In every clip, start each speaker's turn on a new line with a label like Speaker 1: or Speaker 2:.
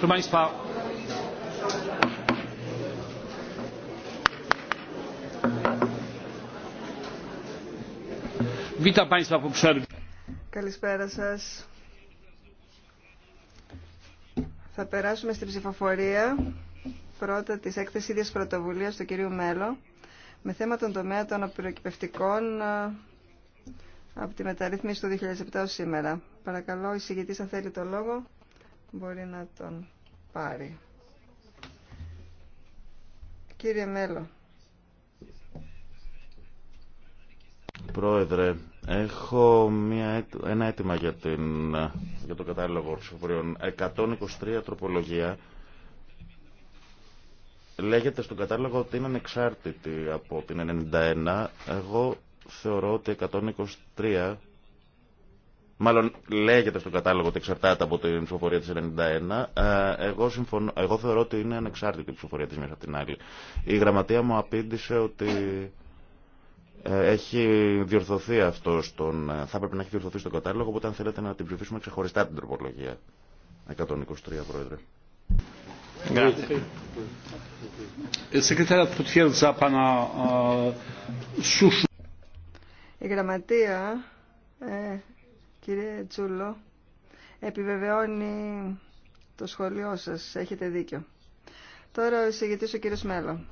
Speaker 1: Καλησπέρα
Speaker 2: σας. Θα περάσουμε στην ψηφοφορία πρώτα της έκθεση ίδιας πρωτοβουλίας του κυρίου Μέλλο με θέμα τον τομέα των απειροκυπευτικών ε, από τη μεταρρύθμιση του 2007 σήμερα. Παρακαλώ, εισηγητής, αν θέλει το λόγο μπορεί να τον πάρει. Κύριε Μέλο.
Speaker 1: Πρόεδρε, έχω μια, ένα αίτημα για, την, για το κατάλογο ψηφοφοριών. 123 τροπολογία λέγεται στον κατάλογο ότι είναι ανεξάρτητη από την 91. Εγώ θεωρώ ότι 123 Μάλλον λέγεται στον κατάλογο ότι εξαρτάται από την ψηφοφορία της 91. Ε, εγώ, συμφωνώ, εγώ θεωρώ ότι είναι ανεξάρτητη η ψηφοφορία της μιας από την άλλη. Η γραμματεία μου απήντησε ότι ε, έχει διορθωθεί αυτό στον, ε, θα έπρεπε να έχει διορθωθεί στον κατάλογο, οπότε αν θέλετε να την ψηφίσουμε ξεχωριστά την τροπολογία. 123 Πρόεδρε.
Speaker 2: Η γραμματεία Κύριε Τσούλο, επιβεβαιώνει το σχολείο σας. Έχετε δίκιο. Τώρα ο εισηγητής ο κύριος Μέλλον.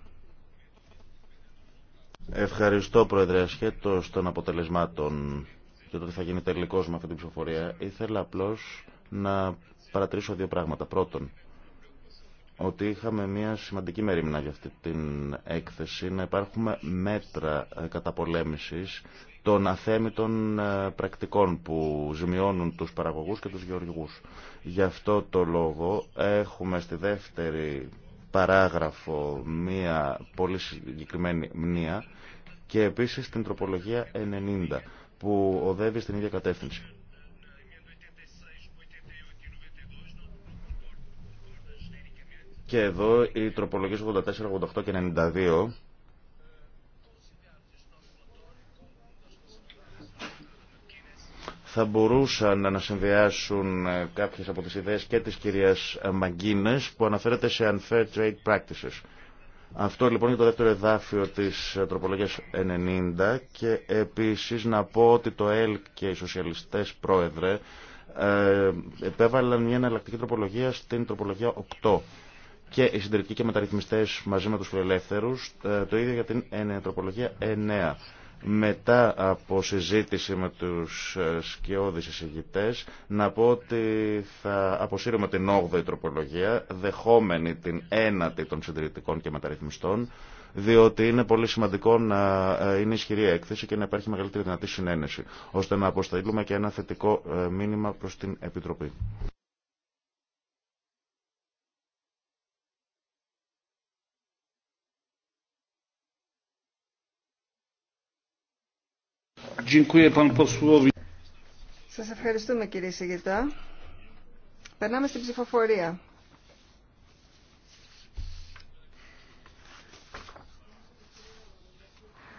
Speaker 1: Ευχαριστώ, Πρόεδρε. ασχέτως των αποτελεσμάτων και το ότι θα γίνει τελικός με αυτή την ψηφοφορία, ήθελα απλώς να παρατηρήσω δύο πράγματα. Πρώτον, ότι είχαμε μια σημαντική μερίμνα για αυτή την έκθεση, να υπάρχουμε μέτρα καταπολέμησης των αθέμητων ε, πρακτικών που ζημιώνουν τους παραγωγούς και τους γεωργούς. Γι' αυτό το λόγο έχουμε στη δεύτερη παράγραφο μία πολύ συγκεκριμένη μνήα και επίσης την τροπολογία 90 που οδεύει στην ίδια κατεύθυνση. Και εδώ οι τροπολογίες 84, 88 και 92 θα μπορούσαν να συνδυάσουν ε, κάποιες από τις ιδέες και της κυρίας ε, Μαγκίνες που αναφέρεται σε unfair trade practices. Αυτό λοιπόν είναι το δεύτερο εδάφιο της ε, τροπολογίας 90 και επίσης να πω ότι το ΕΛΚ και οι σοσιαλιστές πρόεδρε επέβαλαν μια εναλλακτική τροπολογία στην τροπολογία 8 και οι συντηρητικοί και μεταρρυθμιστές μαζί με τους φιλελεύθερους το ίδιο για την τροπολογία 9 μετά από συζήτηση με τους ε, σκιώδεις εισηγητές να πω ότι θα αποσύρουμε την 8η τροπολογία δεχόμενη την ένατη των συντηρητικών και μεταρρυθμιστών διότι είναι πολύ σημαντικό να ε, είναι ισχυρή έκθεση και να υπάρχει μεγαλύτερη δυνατή συνένεση ώστε να αποσταλούμε και ένα θετικό ε, μήνυμα προς την Επιτροπή.
Speaker 2: Σας ευχαριστούμε κύριε Σιγητά. Περνάμε στην ψηφοφορία.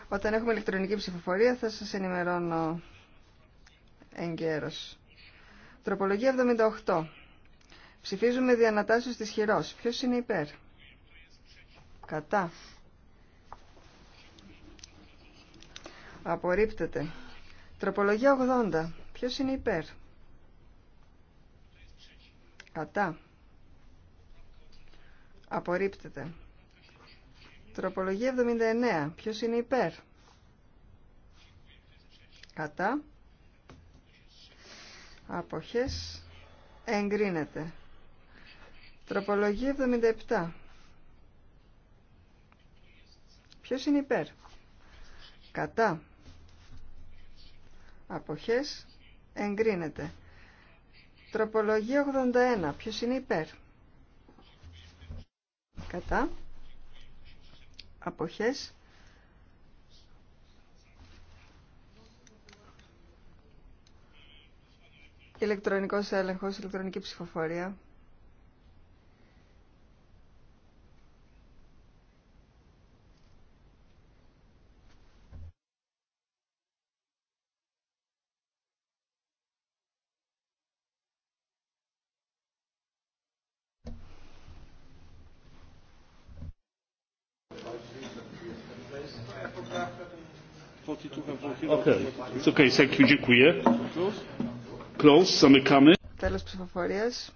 Speaker 2: Όταν έχουμε ηλεκτρονική ψηφοφορία θα σας ενημερώνω εγκαίρως. Τροπολογία 78. Ψηφίζουμε διανατάσεις της χειρός. Ποιος είναι υπέρ. Κατά. Απορρίπτεται. Τροπολογία 80. Ποιος είναι υπέρ. Κατά. Απορρίπτεται. Τροπολογία 79. Ποιος είναι υπέρ. Κατά. Αποχές. Εγκρίνεται. Τροπολογία 77. Ποιος είναι υπέρ. Κατά αποχές εγκρίνεται. Τροπολογία 81. Ποιος είναι υπέρ. Κατά. Αποχές. Ηλεκτρονικός έλεγχος, ηλεκτρονική ψηφοφορία. Τέλος ψηφοφορίας.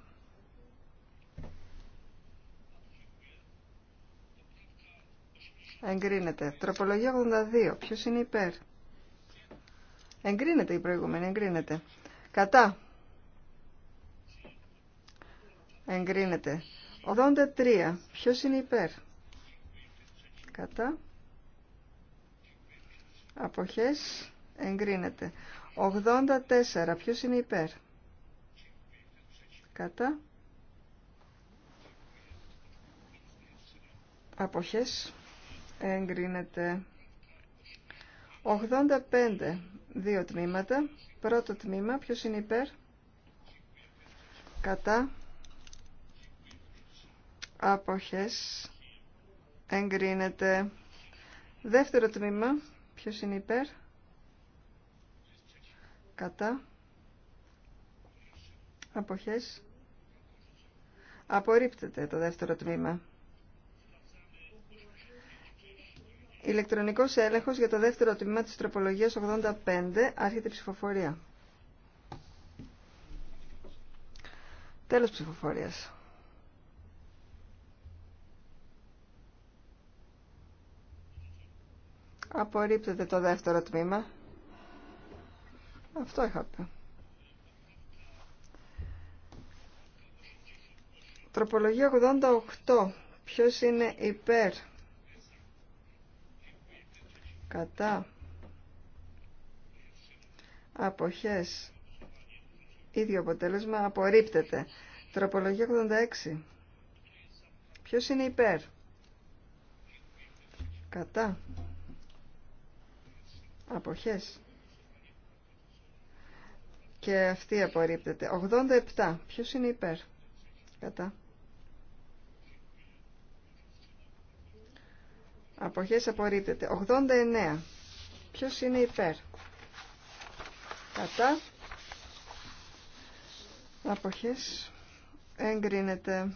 Speaker 2: Εγκρίνεται. Τροπολογία 82. Ποιος είναι υπέρ. Εγκρίνεται η προηγούμενη. Εγκρίνεται. Κατά. Εγκρίνεται. 83. Ποιος είναι υπέρ. Κατά. Αποχές εγκρίνεται. 84. Ποιος είναι υπέρ. Κατά. Αποχές εγκρίνεται. 85. Δύο τμήματα. Πρώτο τμήμα. Ποιος είναι υπέρ. Κατά. Αποχές εγκρίνεται. Δεύτερο τμήμα. Ποιος είναι υπέρ. Κατά. Αποχές. Απορρίπτεται το δεύτερο τμήμα. Ηλεκτρονικός έλεγχος για το δεύτερο τμήμα της τροπολογίας 85. Άρχεται η ψηφοφορία. Τέλος ψηφοφορίας. Απορρίπτεται το δεύτερο τμήμα. Αυτό είχα πει. Τροπολογία 88. Ποιος είναι υπέρ. Κατά. Αποχές. Ίδιο αποτέλεσμα. Απορρίπτεται. Τροπολογία 86. Ποιος είναι υπέρ. Κατά. Αποχές. Και αυτή απορρίπτεται. 87. Ποιος είναι υπέρ. Κατά. Αποχές απορρίπτεται. 89. Ποιος είναι υπέρ. Κατά. Αποχές εγκρίνεται.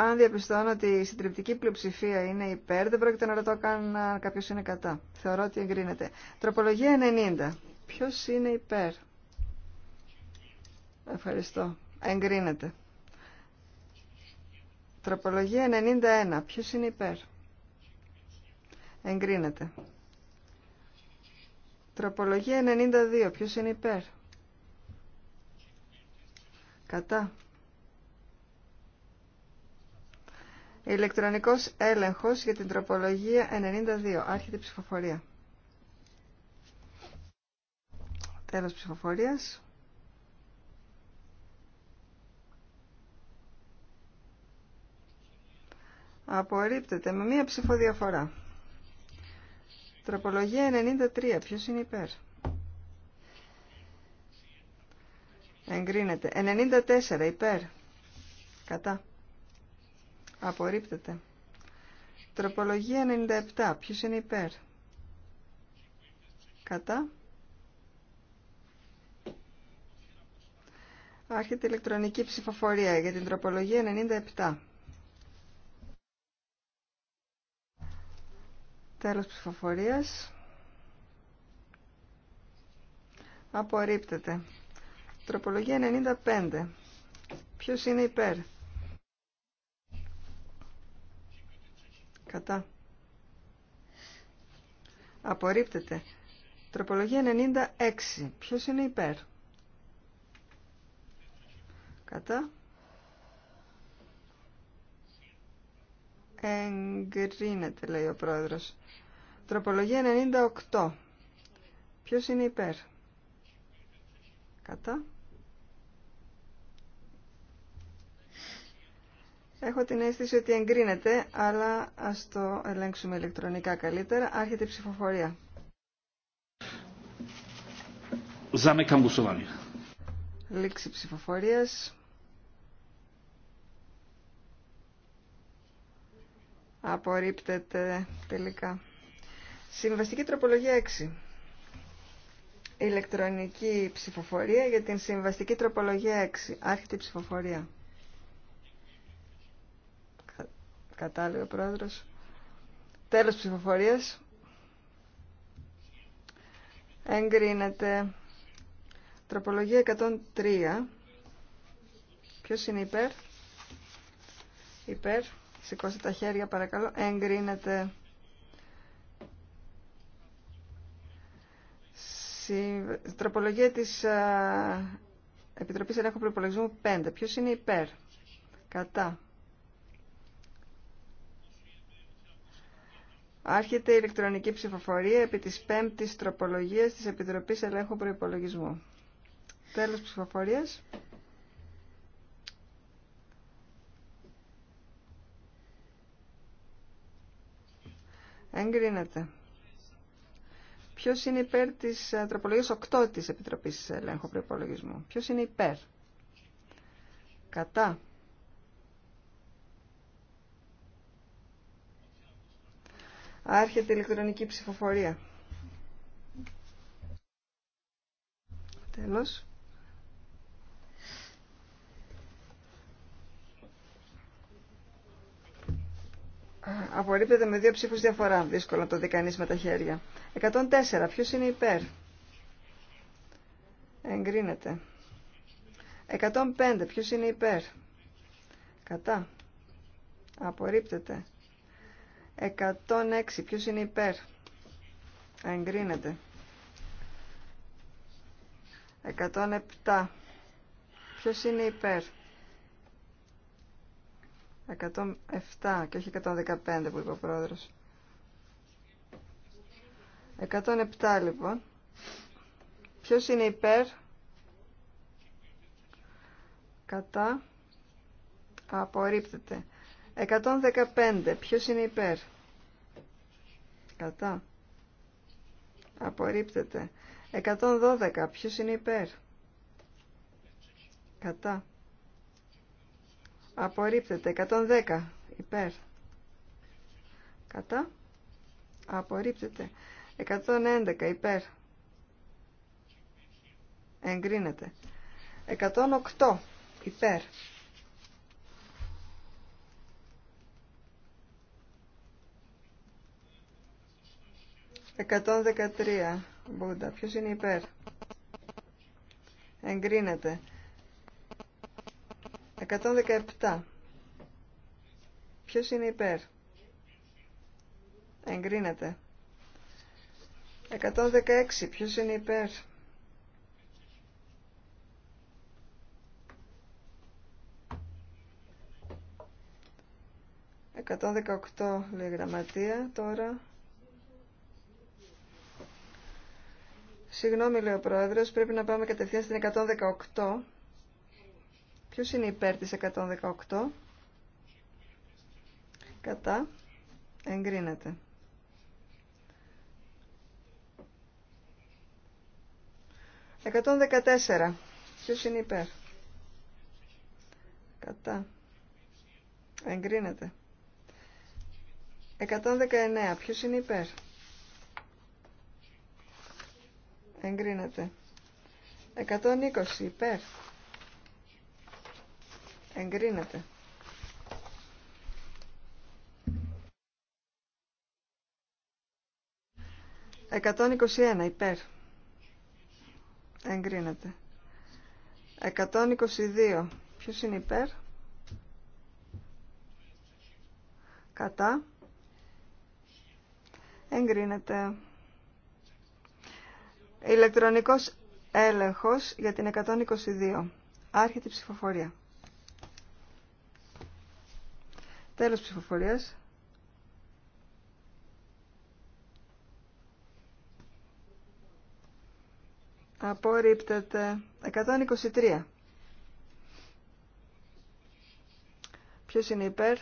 Speaker 2: αν διαπιστώνω ότι η συντριπτική πλειοψηφία είναι υπέρ, δεν πρόκειται να ρωτώ καν αν κάποιο είναι κατά. Θεωρώ ότι εγκρίνεται. Τροπολογία 90. Ποιο είναι υπέρ. Ευχαριστώ. Εγκρίνεται. Τροπολογία 91. Ποιο είναι υπέρ. Εγκρίνεται. Τροπολογία 92. Ποιο είναι υπέρ. Κατά. Ηλεκτρονικός έλεγχος για την τροπολογία 92. Άρχεται η ψηφοφορία. Τέλος ψηφοφορίας. Απορρίπτεται με μία ψηφοδιαφορά. Τροπολογία 93. Ποιος είναι υπέρ. Εγκρίνεται. 94. Υπέρ. Κατά. Απορρίπτεται. Τροπολογία 97. Ποιος είναι υπέρ. Κατά. Άρχεται ηλεκτρονική ψηφοφορία για την τροπολογία 97. Τέλος ψηφοφορίας. Απορρίπτεται. Τροπολογία 95. Ποιος είναι υπέρ. Κατά. Απορρίπτεται. Τροπολογία 96. Ποιος είναι υπέρ. Κατά. Εγκρίνεται, λέει ο πρόεδρος. Τροπολογία 98. Ποιος είναι υπέρ. Κατά. Έχω την αίσθηση ότι εγκρίνεται, αλλά ας το ελέγξουμε ηλεκτρονικά καλύτερα. Άρχεται η ψηφοφορία. Λήξη ψηφοφορίας. Απορρίπτεται τελικά. Συμβαστική τροπολογία 6. Ηλεκτρονική ψηφοφορία για την συμβαστική τροπολογία 6. Άρχεται η ψηφοφορία. Κατάλληλο, πρόεδρο. πρόεδρος. Τέλος ψηφοφορίας. Εγκρίνεται. Τροπολογία 103. Ποιος είναι υπέρ. Υπέρ. Σηκώστε τα χέρια παρακαλώ. Εγκρίνεται. Τροπολογία της Επιτροπής Ελέγχου Προπολογισμού 5. Ποιος είναι υπέρ. Κατά. Άρχεται η ηλεκτρονική ψηφοφορία επί της πέμπτης τροπολογίας της Επιτροπής Ελέγχου Προϋπολογισμού. Τέλος ψηφοφορίας. Εγκρίνεται. Ποιος είναι υπέρ της ε, τροπολογίας 8 τη Επιτροπής Ελέγχου Προϋπολογισμού. Ποιος είναι υπέρ. Κατά. Άρχεται η ηλεκτρονική ψηφοφορία. Τέλος. Απορρίπτεται με δύο ψήφους διαφορά. Δύσκολο να το δει κανείς με τα χέρια. 104. Ποιος είναι υπέρ. Εγκρίνεται. 105. Ποιος είναι υπέρ. Κατά. Απορρίπτεται. 106. Ποιος είναι υπέρ. Εγκρίνεται. 107. Ποιος είναι υπέρ. 107 και όχι 115 που είπε ο πρόεδρος. 107 λοιπόν. Ποιος είναι υπέρ. Κατά. Απορρίπτεται. 115. Ποιος είναι υπέρ. Κατά. Απορρίπτεται. 112. Ποιος είναι υπέρ. Κατά. Απορρίπτεται. 110. Υπέρ. Κατά. Απορρίπτεται. 111. Υπέρ. Εγκρίνεται. 108. Υπέρ. 113. Μπούντα. Ποιος είναι υπέρ. Εγκρίνεται. 117. Ποιος είναι υπέρ. Εγκρίνεται. 116. Ποιος είναι υπέρ. Εκατόν δεκαοκτώ λέει γραμματεία τώρα. Συγγνώμη, λέει ο πρόεδρο, πρέπει να πάμε κατευθείαν στην 118. Ποιο είναι υπέρ τη 118. Κατά. Εγκρίνεται. 114. δεκατέσσερα. Ποιος είναι υπέρ. Κατά. Εγκρίνεται. 119. δεκαεννέα. Ποιος είναι υπέρ. Εγκρίνεται. 120 υπέρ. Εγκρίνεται. Εκατόν είκοσι ένα υπέρ. Εγκρίνεται. Εκατόν είκοσι δύο. Ποιος είναι υπέρ? Κατά. Εγκρίνεται. Ηλεκτρονικός έλεγχος για την 122. Άρχεται η ψηφοφορία. Τέλος ψηφοφορίας. Απορρίπτεται 123. Ποιος είναι υπέρ?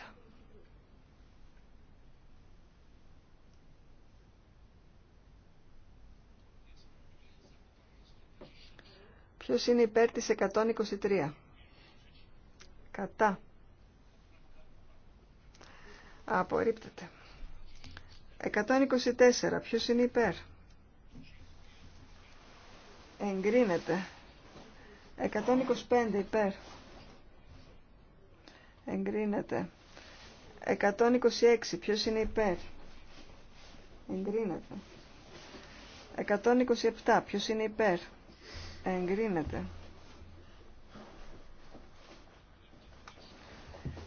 Speaker 2: Ποιος είναι υπέρ της 123. Κατά. Απορρίπτεται. 124. Ποιος είναι υπέρ. Εγκρίνεται. 125 υπέρ. Εγκρίνεται. 126. Ποιος είναι υπέρ. Εγκρίνεται. 127. Ποιος είναι υπέρ. Εγκρίνεται.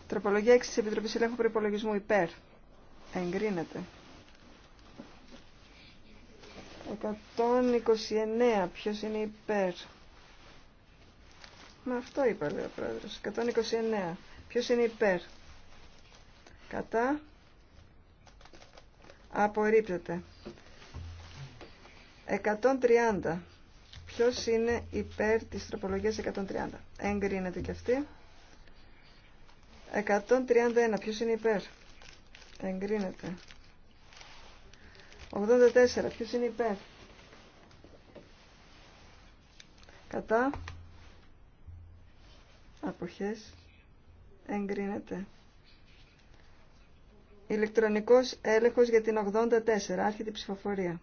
Speaker 2: Τροπολογία 6 της Επιτροπής Ελέγχου Προϋπολογισμού υπέρ. Εγκρίνεται. 129. Ποιος είναι υπέρ. Μα αυτό είπα λέει ο πρόεδρος. 129. Ποιος είναι υπέρ. Κατά. Απορρίπτεται. 130. Ποιο είναι υπέρ της τροπολογίας 130. Εγκρίνεται και αυτή. 131. Ποιος είναι υπέρ. Εγκρίνεται. 84. ποιο είναι υπέρ. Κατά. Αποχές. Εγκρίνεται. Ηλεκτρονικός έλεγχος για την 84. Άρχεται η ψηφοφορία.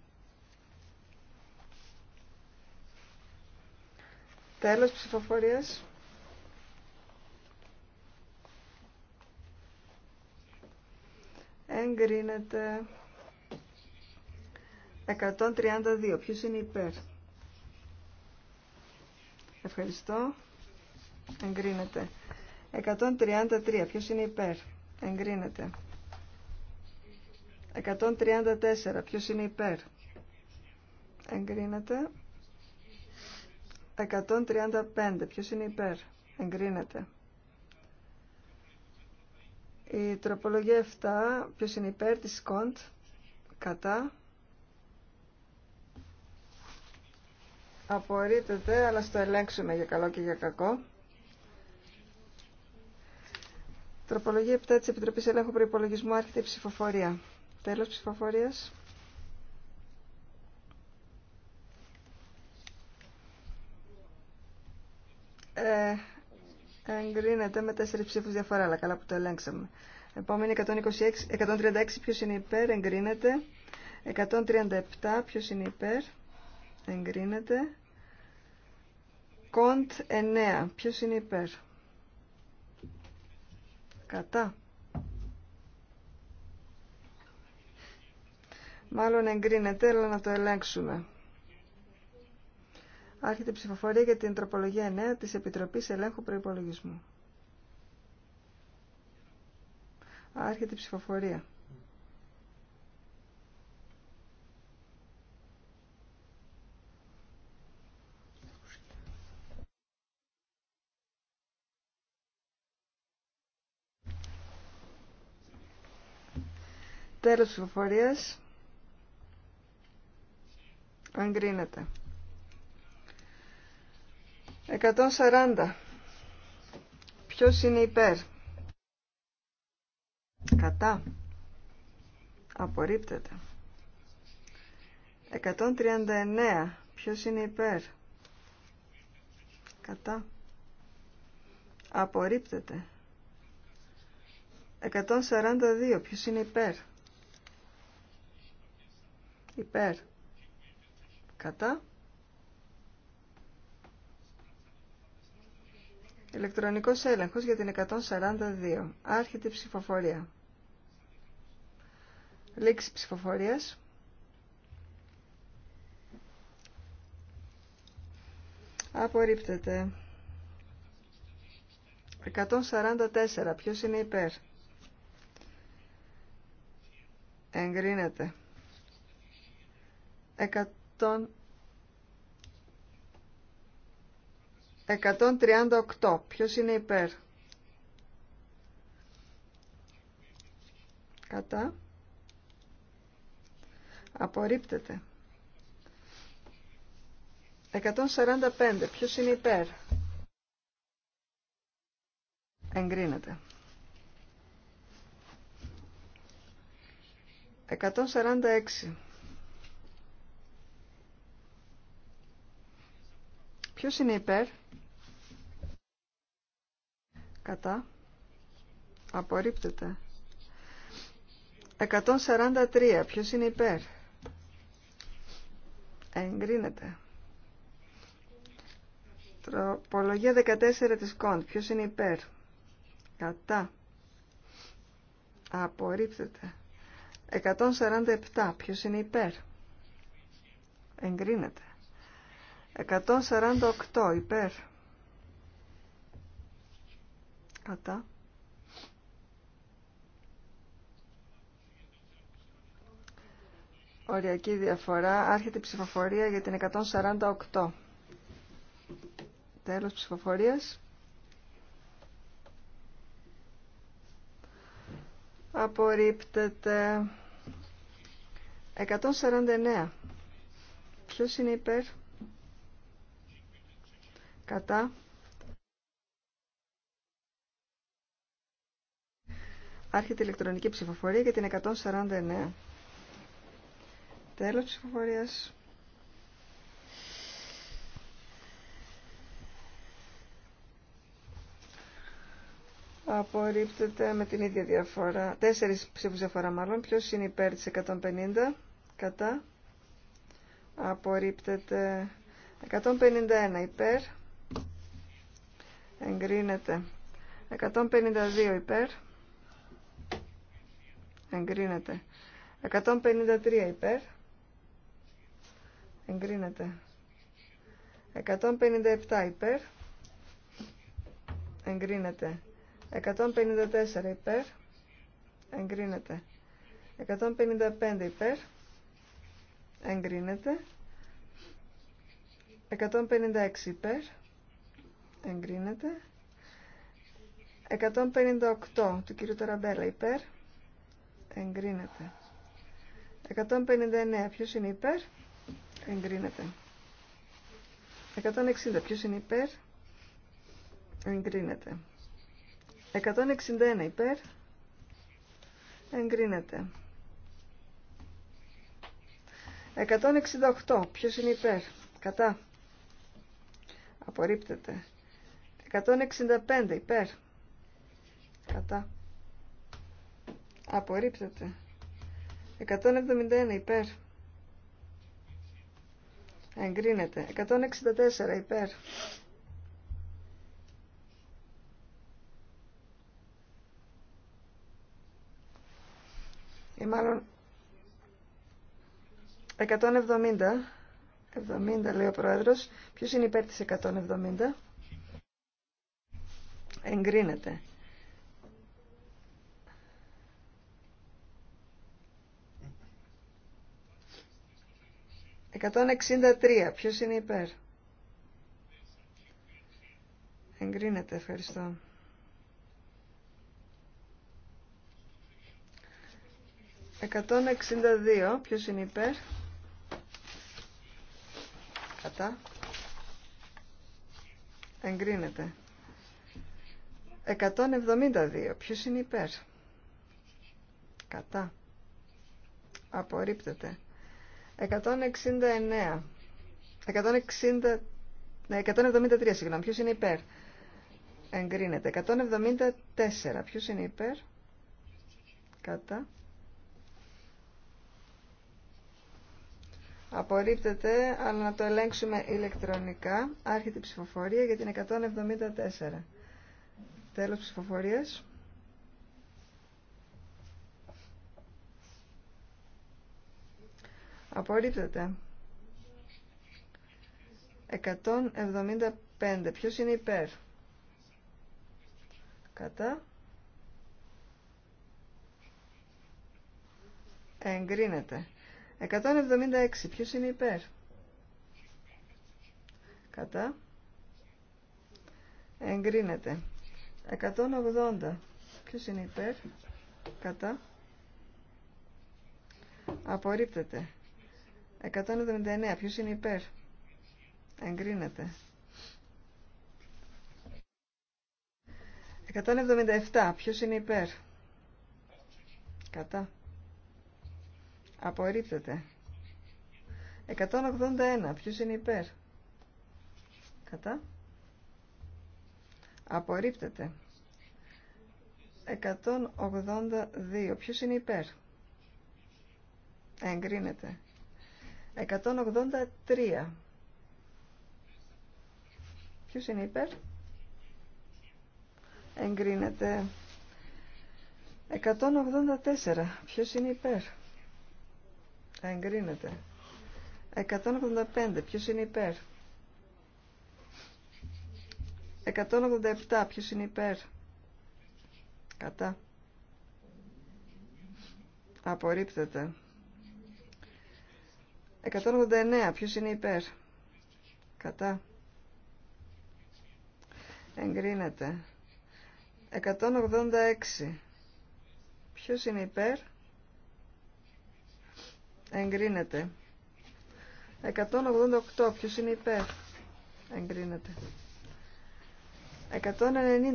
Speaker 2: Τέλος ψηφοφορίας. Εγκρίνεται 132. Ποιος είναι υπέρ. Ευχαριστώ. Εγκρίνεται. 133. Ποιος είναι υπέρ. Εγκρίνεται. 134. Ποιος είναι υπέρ. Εγκρίνεται. 135. Ποιος είναι υπέρ. Εγκρίνεται. Η τροπολογία 7. Ποιος είναι υπέρ της κοντ. Κατά. Απορρίπτεται, αλλά στο ελέγξουμε για καλό και για κακό. Τροπολογία 7 της Επιτροπής Ελέγχου Προϋπολογισμού άρχεται η ψηφοφορία. Τέλος ψηφοφορίας. Ε, εγκρίνεται με τέσσερι ψήφου διαφορά, αλλά καλά που το ελέγξαμε. Επόμενη 126, 136 ποιο είναι υπέρ, εγκρίνεται. 137 ποιο είναι υπέρ, εγκρίνεται. Κοντ 9 ποιο είναι υπέρ. Κατά. Μάλλον εγκρίνεται, αλλά να το ελέγξουμε. Άρχεται η ψηφοφορία για την τροπολογία 9 της Επιτροπής Ελέγχου Προϋπολογισμού. Άρχεται η ψηφοφορία. Τέλος ψηφοφορίας. Εγκρίνεται. 140. Ποιος είναι υπέρ. Κατά. Απορρίπτεται. 139. Ποιος είναι υπέρ. Κατά. Απορρίπτεται. 142. Ποιος είναι υπέρ. Υπέρ. Κατά. Ηλεκτρονικός έλεγχος για την 142. Άρχεται η ψηφοφορία. Λήξη ψηφοφορίας. Απορρίπτεται. 144. Ποιος είναι υπέρ. Εγκρίνεται. 100 138. Ποιος είναι υπέρ. Κατά. Απορρίπτεται. 145. Ποιος είναι υπέρ. Εγκρίνεται. 146. Ποιος είναι υπέρ. Κατά. Απορρίπτεται. 143. Ποιος είναι υπέρ. Ε, εγκρίνεται. Τροπολογία 14 της κοντ. Ποιος είναι υπέρ. Κατά. Απορρίπτεται. 147. Ποιος είναι υπέρ. Εγκρίνεται. 148. Υπέρ. Κατά. Οριακή διαφορά. Άρχεται η ψηφοφορία για την 148. Τέλος ψηφοφορίας. Απορρίπτεται. 149. Ποιος είναι υπέρ. Κατά. Άρχεται η ηλεκτρονική ψηφοφορία για την 149. Τέλος ψηφοφορίας. Απορρίπτεται με την ίδια διαφορά. Τέσσερις ψήφους διαφορά μάλλον. Ποιος είναι υπέρ της 150. Κατά. Απορρίπτεται 151 υπέρ. Εγκρίνεται. 152 υπέρ. Εγκρίνεται. 153 υπέρ. Εγκρίνεται. 157 υπέρ. Εγκρίνεται. 154 υπέρ. Εγκρίνεται. 155 υπέρ. Εγκρίνεται. 156 υπέρ. Εγκρίνεται. 158 του κύριου Ταραμπέλα υπέρ εγκρίνεται. 159 ποιος είναι υπέρ, εγκρίνεται. 160 ποιος είναι υπέρ, εγκρίνεται. 161 υπέρ, εγκρίνεται. 168 ποιος είναι υπέρ, κατά, απορρίπτεται. 165 υπέρ, κατά Απορρίπτεται. 171 υπέρ. Εγκρίνεται. 164 υπέρ. Ή μάλλον 170. 70 λέει ο Πρόεδρος. Ποιος είναι υπέρ της 170. Εγκρίνεται. 163. Ποιος είναι υπέρ. Εγκρίνεται. Ευχαριστώ. 162. Ποιος είναι υπέρ. Κατά. Εγκρίνεται. 172. Ποιος είναι υπέρ. Κατά. Απορρίπτεται. 169. 173, ναι, συγγνώμη. Ποιος είναι υπέρ. Εγκρίνεται. 174. Ποιος είναι υπέρ. Κατά. Απορρίπτεται, αλλά να το ελέγξουμε ηλεκτρονικά. Άρχεται η ψηφοφορία για την 174. Τέλος ψηφοφορίας. Απορρίπτεται. 175. Ποιος είναι υπέρ. Κατά. Εγκρίνεται. 176. Ποιος είναι υπέρ. Κατά. Εγκρίνεται. 180. Ποιος είναι υπέρ. Κατά. Απορρίπτεται. 179. Ποιος είναι υπέρ. Εγκρίνεται. 177. Ποιος είναι υπέρ. Κατά. Απορρίπτεται. 181. Ποιος είναι υπέρ. Κατά. Απορρίπτεται. 182. Ποιος είναι υπέρ. Εγκρίνεται. 183. Ποιος είναι υπέρ? Εγκρίνεται. 184. Ποιος είναι υπέρ? Εγκρίνεται. 185. Ποιος είναι υπέρ? 187. Ποιος είναι υπέρ? Κατά. Απορρίπτεται. 189. Ποιος είναι υπέρ. Κατά. Εγκρίνεται. 186. Ποιος είναι υπέρ. Εγκρίνεται. 188. Ποιος είναι υπέρ. Εγκρίνεται.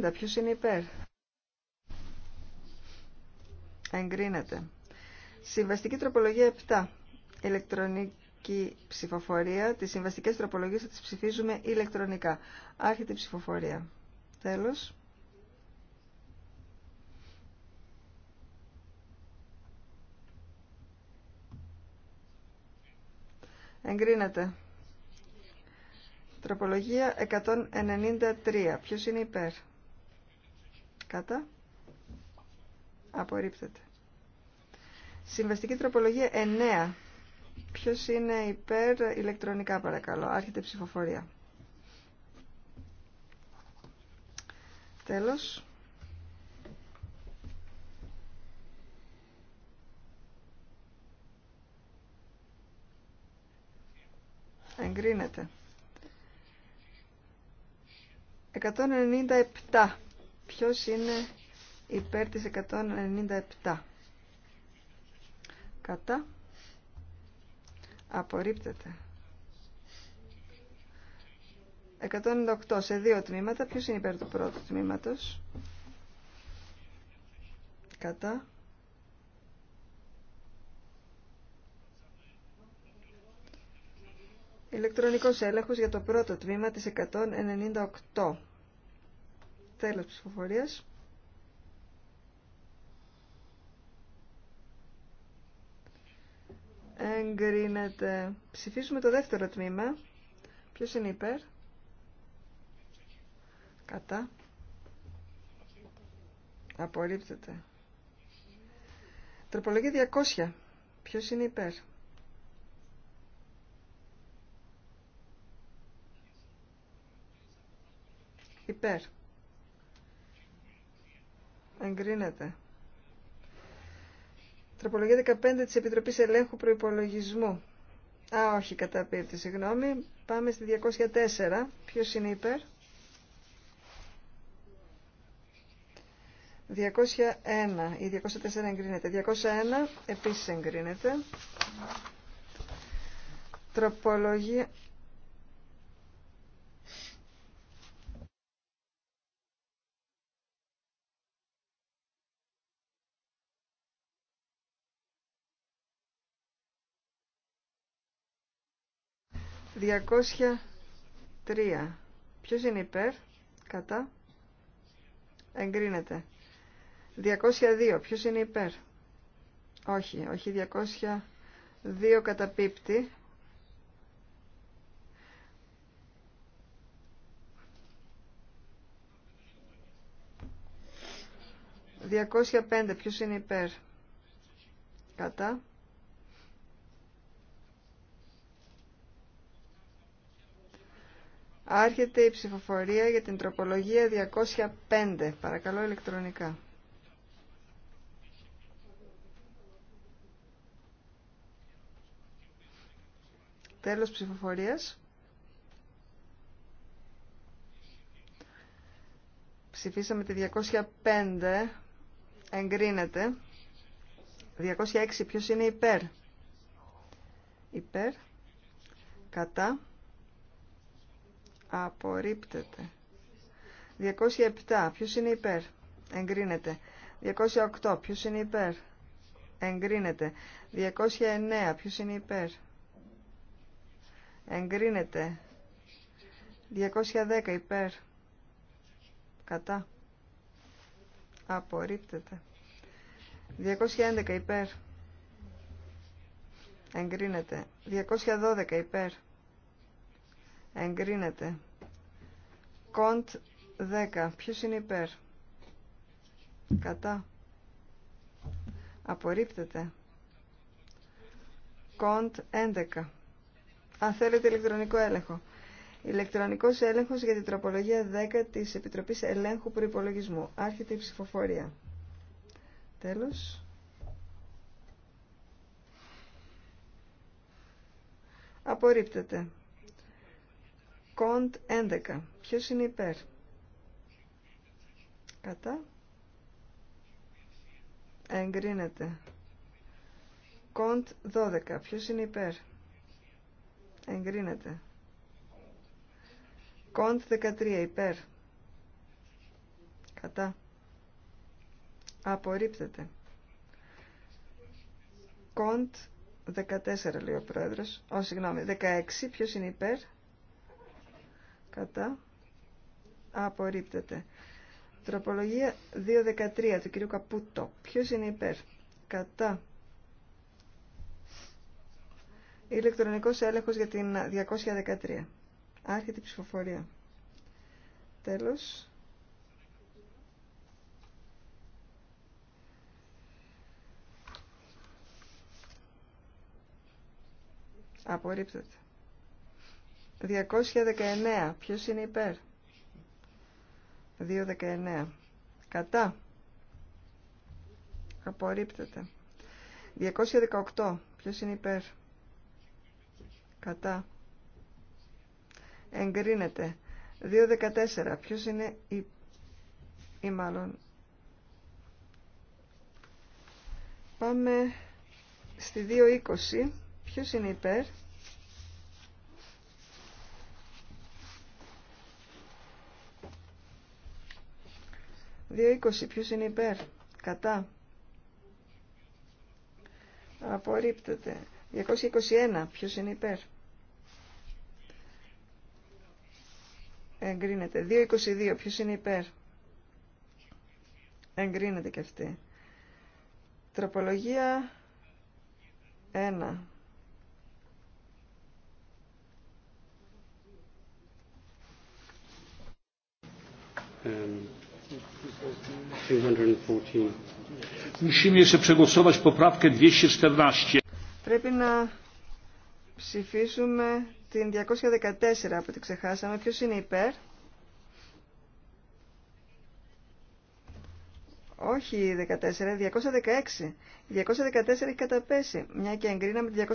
Speaker 2: 190. Ποιος είναι υπέρ. Εγκρίνεται. Συμβαστική τροπολογία 7. Ηλεκτρονική ηλεκτρονική ψηφοφορία. Τις συμβαστικές τροπολογίες θα τις ψηφίζουμε ηλεκτρονικά. Άρχεται η ψηφοφορία. Τέλος. Εγκρίνεται. Τροπολογία 193. Ποιος είναι υπέρ. Κατά. Απορρίπτεται. Συμβαστική τροπολογία 9. Ποιος είναι υπέρ ηλεκτρονικά παρακαλώ. Άρχεται η ψηφοφορία. Τέλος. Εγκρίνεται. 197. Ποιος είναι υπέρ της 197. Κατά. Απορρίπτεται. 198 σε δύο τμήματα. Ποιος είναι υπέρ του πρώτου τμήματος. Κατά. Ηλεκτρονικός έλεγχος για το πρώτο τμήμα της 198. Τέλος ψηφοφορίας. εγκρίνεται. Ψηφίσουμε το δεύτερο τμήμα. Ποιος είναι υπέρ. Κατά. Απορρίπτεται. Τροπολογία 200. Ποιος είναι υπέρ. Υπέρ. Εγκρίνεται. Τροπολογία 15 της Επιτροπής Ελέγχου Προϋπολογισμού. Α, όχι, πίπτη, συγγνώμη. Πάμε στη 204. Ποιος είναι υπέρ? 201. Η 204 εγκρίνεται. 201 επίσης εγκρίνεται. Τροπολογία 203. Ποιος είναι υπέρ, κατά, εγκρίνεται. 202. Ποιος είναι υπέρ. Όχι, όχι 202 καταπίπτει. Διακόσια πέντε. Ποιος είναι υπέρ. Κατά. Άρχεται η ψηφοφορία για την τροπολογία 205. Παρακαλώ ηλεκτρονικά. Τέλος ψηφοφορίας. Ψηφίσαμε τη 205. Εγκρίνεται. 206. Ποιος είναι υπέρ. Υπέρ. Κατά. Απορρίπτεται. 207. Ποιος είναι υπέρ. Εγκρίνεται. 208. Ποιος είναι υπέρ. Εγκρίνεται. 209. Ποιος είναι υπέρ. Εγκρίνεται. 210 υπέρ. Κατά. Απορρίπτεται. 211 υπέρ. Εγκρίνεται. 212 υπέρ. Εγκρίνεται. Κοντ 10. Ποιος είναι υπέρ. Κατά. Απορρίπτεται. Κοντ 11. Αν θέλετε ηλεκτρονικό έλεγχο. Ηλεκτρονικός έλεγχος για την τροπολογία 10 της Επιτροπής Ελέγχου Προϋπολογισμού. Άρχεται η ψηφοφορία. Τέλος. Απορρίπτεται. Κοντ 11. Ποιος είναι υπέρ. Κατά. Εγκρίνεται. Κοντ 12. Ποιος είναι υπέρ. Εγκρίνεται. Κοντ 13. Υπέρ. Κατά. Απορρίπτεται. Κοντ 14 λέει ο πρόεδρος. Ω, συγγνώμη. 16. Ποιος είναι υπέρ κατά απορρίπτεται. Τροπολογία 2.13 του κυρίου Καπούτο. Ποιος είναι υπέρ. Κατά. Ηλεκτρονικός έλεγχος για την 213. Άρχεται η ψηφοφορία. Τέλος. Απορρίπτεται. 219. Ποιος είναι υπέρ. 219. Κατά. Απορρίπτεται. 218. Ποιος είναι υπέρ. Κατά. Εγκρίνεται. 214. Ποιος είναι η... ή μάλλον... Πάμε στη 220. Ποιος είναι υπέρ. 2.20. Ποιος είναι υπέρ. Κατά. Απορρίπτεται. 221. Ποιος είναι υπέρ. Εγκρίνεται. 2.22. Ποιος είναι υπέρ. Εγκρίνεται και αυτή. Τροπολογία 1. Um... Πρέπει να ψηφίσουμε την 214 που την ξεχάσαμε. Ποιος είναι υπέρ? Όχι 14, 216. 214 έχει καταπέσει, μια και εγκρίναμε την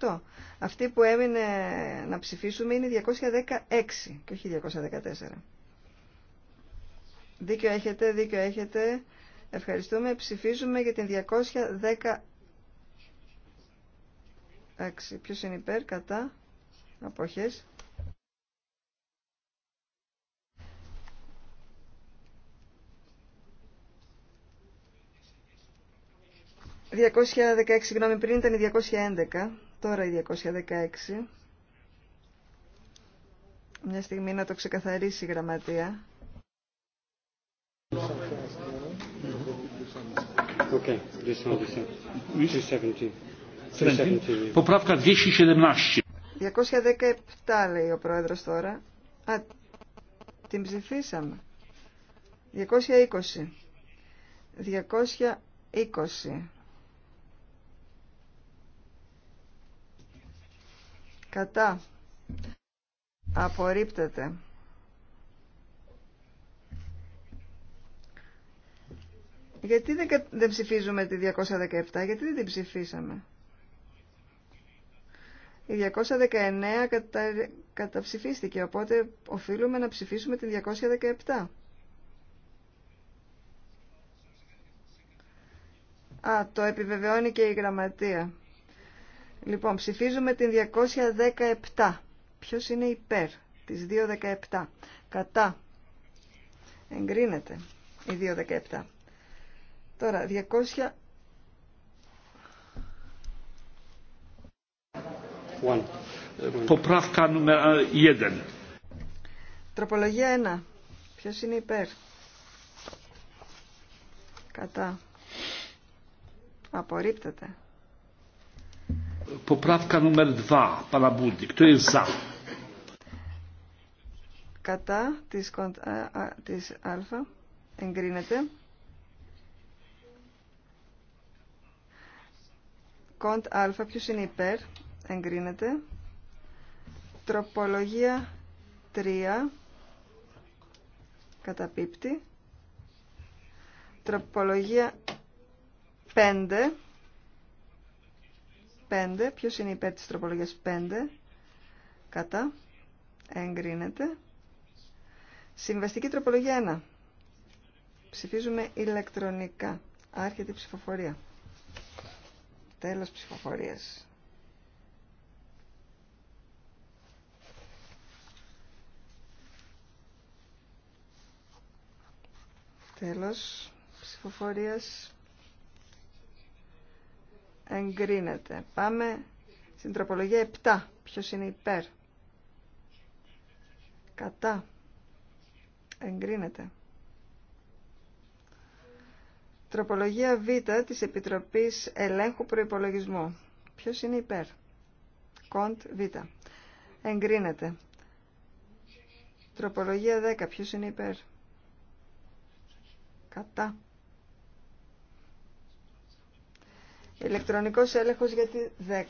Speaker 2: 218. Αυτή που έμεινε να ψηφίσουμε είναι 216 και όχι 214. Δίκιο έχετε, δίκιο έχετε. Ευχαριστούμε. Ψηφίζουμε για την 216. Ποιος είναι υπέρ, κατά, αποχές. ...216, συγγνώμη, πριν ήταν η 211, τώρα η 216. Μια στιγμή να το ξεκαθαρίσει η γραμματεία. Poprawka 217. 217 λέει ο πρόεδρος τώρα. Α, την ψηφίσαμε. 220. 220. Κατά. Απορρίπτεται. Γιατί δεν ψηφίζουμε τη 217, γιατί δεν την ψηφίσαμε. Η 219 κατα... καταψηφίστηκε, οπότε οφείλουμε να ψηφίσουμε τη 217. Α, το επιβεβαιώνει και η γραμματεία. Λοιπόν, ψηφίζουμε την 217. Ποιος είναι υπέρ της 217. Κατά. Εγκρίνεται η 217. Τώρα, 200...
Speaker 1: Ποπράφκα νούμερα 1.
Speaker 2: Τροπολογία 1. Ποιος είναι υπέρ. Κατά. Απορρίπτεται.
Speaker 1: Ποπράφκα numer 2. Παραμπούντι. Κτο είναι
Speaker 2: Κατά της, α, της α εγκρίνεται. Κοντ α, ποιος είναι υπέρ, εγκρίνεται. Τροπολογία 3, καταπίπτει. Τροπολογία 5, 5, ποιος είναι υπέρ της τροπολογίας 5, κατά, εγκρίνεται. Συμβαστική τροπολογία 1. Ψηφίζουμε ηλεκτρονικά. Άρχεται η ψηφοφορία. Τέλος ψηφοφορίας. Τέλος ψηφοφορίας εγκρίνεται. Πάμε στην τροπολογία 7. Ποιος είναι υπέρ. Κατά. Εγκρίνεται. Τροπολογία Β της Επιτροπής Ελέγχου Προϋπολογισμού. Ποιος είναι υπέρ. Κοντ Β. Εγκρίνεται. Τροπολογία 10. Ποιος είναι υπέρ. Κατά. Ηλεκτρονικός έλεγχος για τη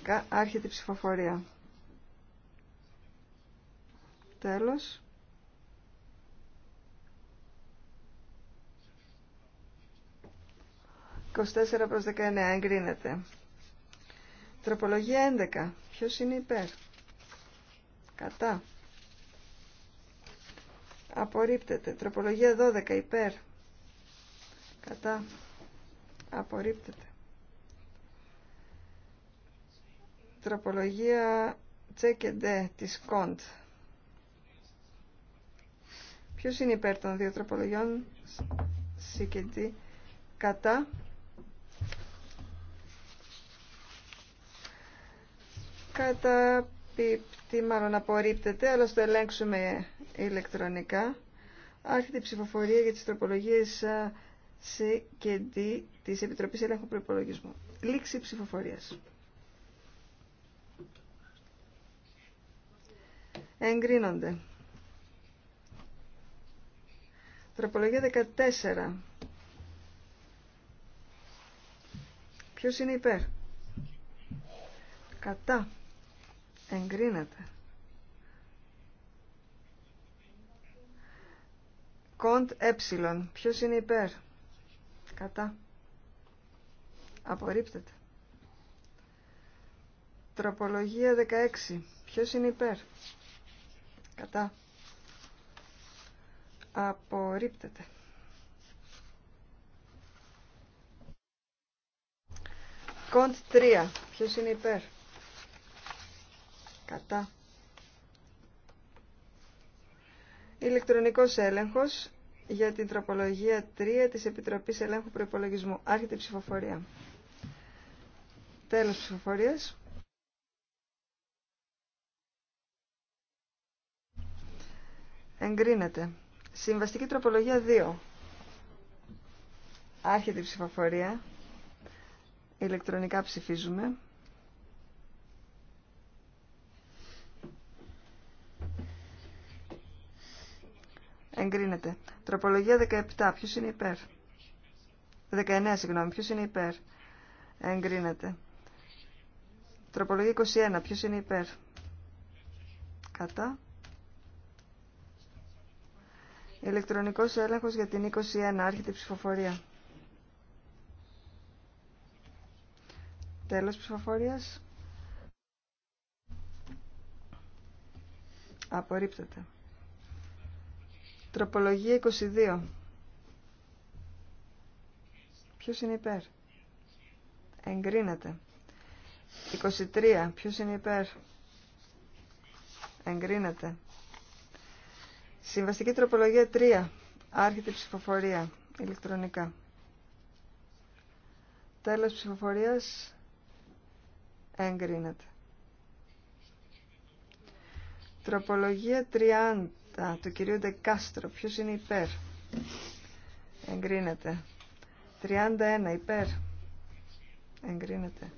Speaker 2: 10. Άρχεται ψηφοφορία. Τέλος. 24 προς 19 εγκρίνεται. Τροπολογία 11. Ποιος είναι υπέρ. Κατά. Απορρίπτεται. Τροπολογία 12 υπέρ. Κατά. Απορρίπτεται. Τροπολογία τσέκεντε της κοντ. Ποιος είναι υπέρ των δύο τροπολογιών. Σίκεντι. Κατά. καταπίπτει, μάλλον απορρίπτεται, αλλά στο ελέγξουμε ηλεκτρονικά. Άρχεται η ψηφοφορία για τις τροπολογίες C και D της Επιτροπής Ελέγχου Προϋπολογισμού. Λήξη ψηφοφορίας. Εγκρίνονται. Τροπολογία 14. Ποιος είναι υπέρ. Κατά. Εγκρίνεται. Κοντ ε. Ποιος είναι υπέρ. Κατά. Απορρίπτεται. Τροπολογία 16. Ποιος είναι υπέρ. Κατά. Απορρίπτεται. Κοντ 3. Ποιος είναι υπέρ. Κατά. Ηλεκτρονικός έλεγχος για την τροπολογία 3 της Επιτροπής Ελέγχου Προϋπολογισμού. Άρχεται η ψηφοφορία. Τέλος ψηφοφορίας. Εγκρίνεται. Συμβαστική τροπολογία 2. Άρχεται η ψηφοφορία. Ηλεκτρονικά ψηφίζουμε. Εγκρίνεται. Τροπολογία 17. Ποιο είναι υπέρ. 19, συγγνώμη. ποιο είναι υπέρ. Εγκρίνεται. Τροπολογία 21. ποιο είναι υπέρ. Κατά. Ηλεκτρονικό έλεγχο για την 21. Άρχεται η ψηφοφορία. Τέλος ψηφοφορίας. Απορρίπτεται. Τροπολογία 22. Ποιος είναι υπέρ. Εγκρίνεται. 23. Ποιος είναι υπέρ. Εγκρίνεται. Συμβαστική τροπολογία 3. Άρχεται ψηφοφορία ηλεκτρονικά. Τέλος ψηφοφορίας εγκρίνεται. Τροπολογία 30 το του κυρίου Ντεκάστρο. Ποιος είναι υπέρ. Εγκρίνεται. 31 υπέρ. Εγκρίνεται.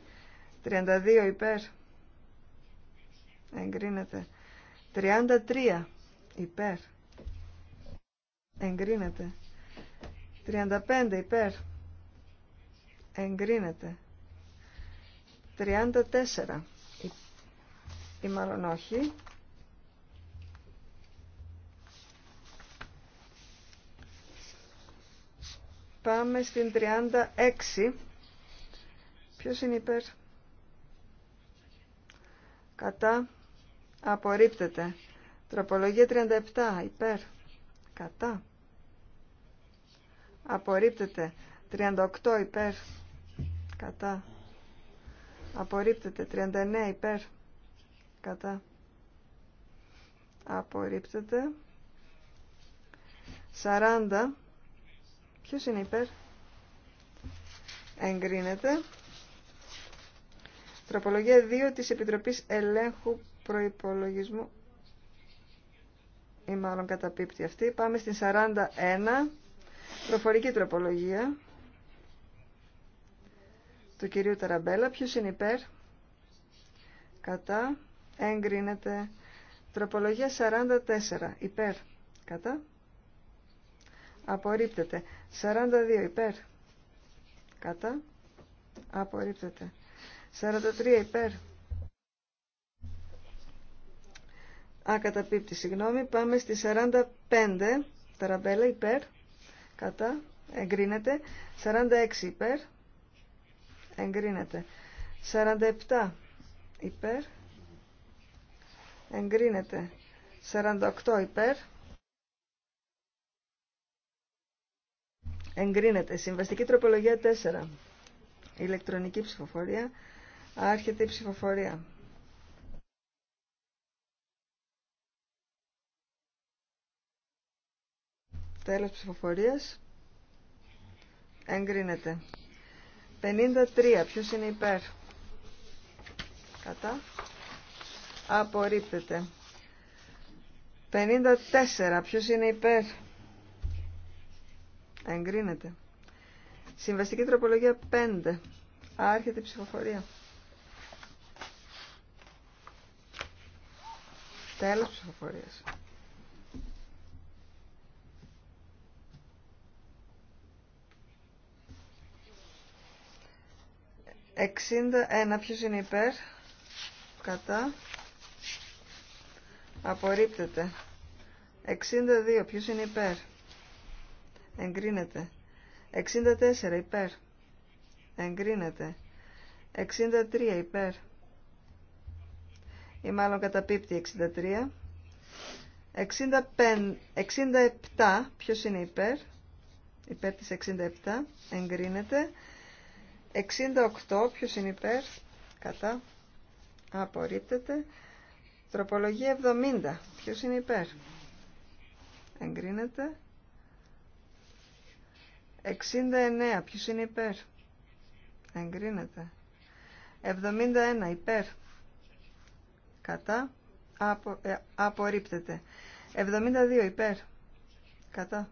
Speaker 2: 32 υπέρ. Εγκρίνεται. 33 υπέρ. Εγκρίνεται. 35 υπέρ. Εγκρίνεται. 34 ή μάλλον όχι. Πάμε στην 36. Ποιος είναι υπέρ. Κατά. Απορρίπτεται. Τροπολογία 37. Υπέρ. Κατά. Απορρίπτεται. 38. Υπέρ. Κατά. Απορρίπτεται. 39. Υπέρ. Κατά. Απορρίπτεται. 40. Ποιος είναι υπέρ. Εγκρίνεται. Τροπολογία 2 της Επιτροπής Ελέγχου Προϋπολογισμού ή μάλλον καταπίπτει αυτή. Πάμε στην 41. Προφορική τροπολογία του κυρίου Ταραμπέλα. Ποιος είναι υπέρ. Κατά. Εγκρίνεται. Τροπολογία 44. Υπέρ. Κατά. Απορρίπτεται. 42 υπέρ. Κατά. Απορρίπτεται. 43 υπέρ. Ακαταπίπτει, συγγνώμη. Πάμε στη 45. Ταραμπέλα υπέρ. Κατά. Εγκρίνεται. 46 υπέρ. Εγκρίνεται. 47 υπέρ. Εγκρίνεται. 48 υπέρ. Εγκρίνεται. Συμβαστική τροπολογία 4. Ηλεκτρονική ψηφοφορία. Άρχεται η ψηφοφορία. Τέλος ψηφοφορίας. Εγκρίνεται. 53. Ποιος είναι υπέρ. Κατά. Απορρίπτεται. 54. Ποιος είναι υπέρ. Εγκρίνεται. Συμβαστική τροπολογία 5. Άρχεται η ψηφοφορία. Τέλος ψηφοφορίας. Εξήντα ένα. Ποιος είναι υπέρ. Κατά. Απορρίπτεται. Εξήντα δύο. Ποιος είναι υπέρ εγκρίνεται. 64 υπέρ, εγκρίνεται. 63 υπέρ, ή μάλλον καταπίπτει 63. 65, 67, ποιος είναι υπέρ, υπέρ της 67, εγκρίνεται. 68, ποιος είναι υπέρ, κατά, απορρίπτεται. Τροπολογία 70, ποιος είναι υπέρ, εγκρίνεται. 69. Ποιος είναι υπέρ. Εγκρίνεται. 71. Υπέρ. Κατά. Απο, ε, απορρίπτεται. 72. Υπέρ. Κατά.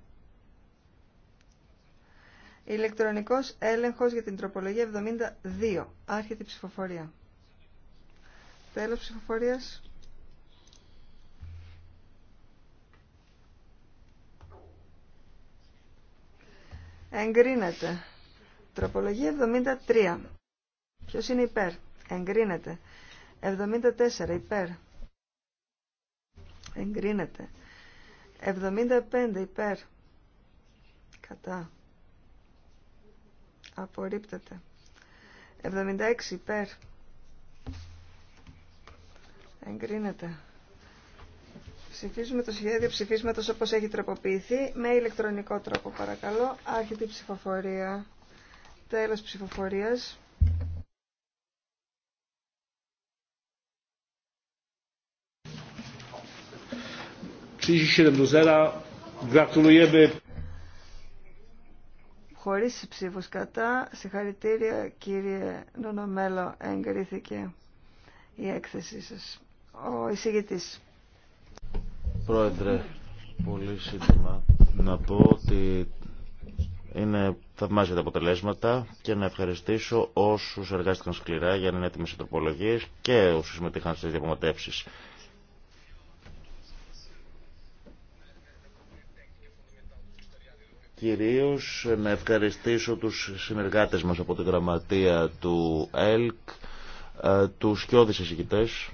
Speaker 2: Ηλεκτρονικός έλεγχος για την τροπολογία 72. Άρχεται η ψηφοφορία. Τέλος ψηφοφορίας. Εγκρίνεται. Τροπολογία 73. Ποιος είναι υπέρ. Εγκρίνεται. 74. Υπέρ. Εγκρίνεται. 75. Υπέρ. Κατά. Απορρίπτεται. 76. Υπέρ. Εγκρίνεται. Ψηφίζουμε το σχέδιο ψηφίσματος όπως έχει τροποποιηθεί με ηλεκτρονικό τρόπο παρακαλώ. Άρχεται η ψηφοφορία. Τέλος ψηφοφορίας. Χωρίς ψήφους κατά, συγχαρητήρια κύριε Νονομέλο, εγκρίθηκε η έκθεσή σας. Ο εισηγητής.
Speaker 1: Πρόεδρε, πολύ σύντομα να πω ότι είναι θαυμάζια τα αποτελέσματα και να ευχαριστήσω όσου εργάστηκαν σκληρά για να είναι έτοιμε οι και όσου συμμετείχαν στι διαπραγματεύσει. Κυρίως να ευχαριστήσω τους συνεργάτες μας από την γραμματεία του ΕΛΚ, ε, τους σκιώδεις εισηγητές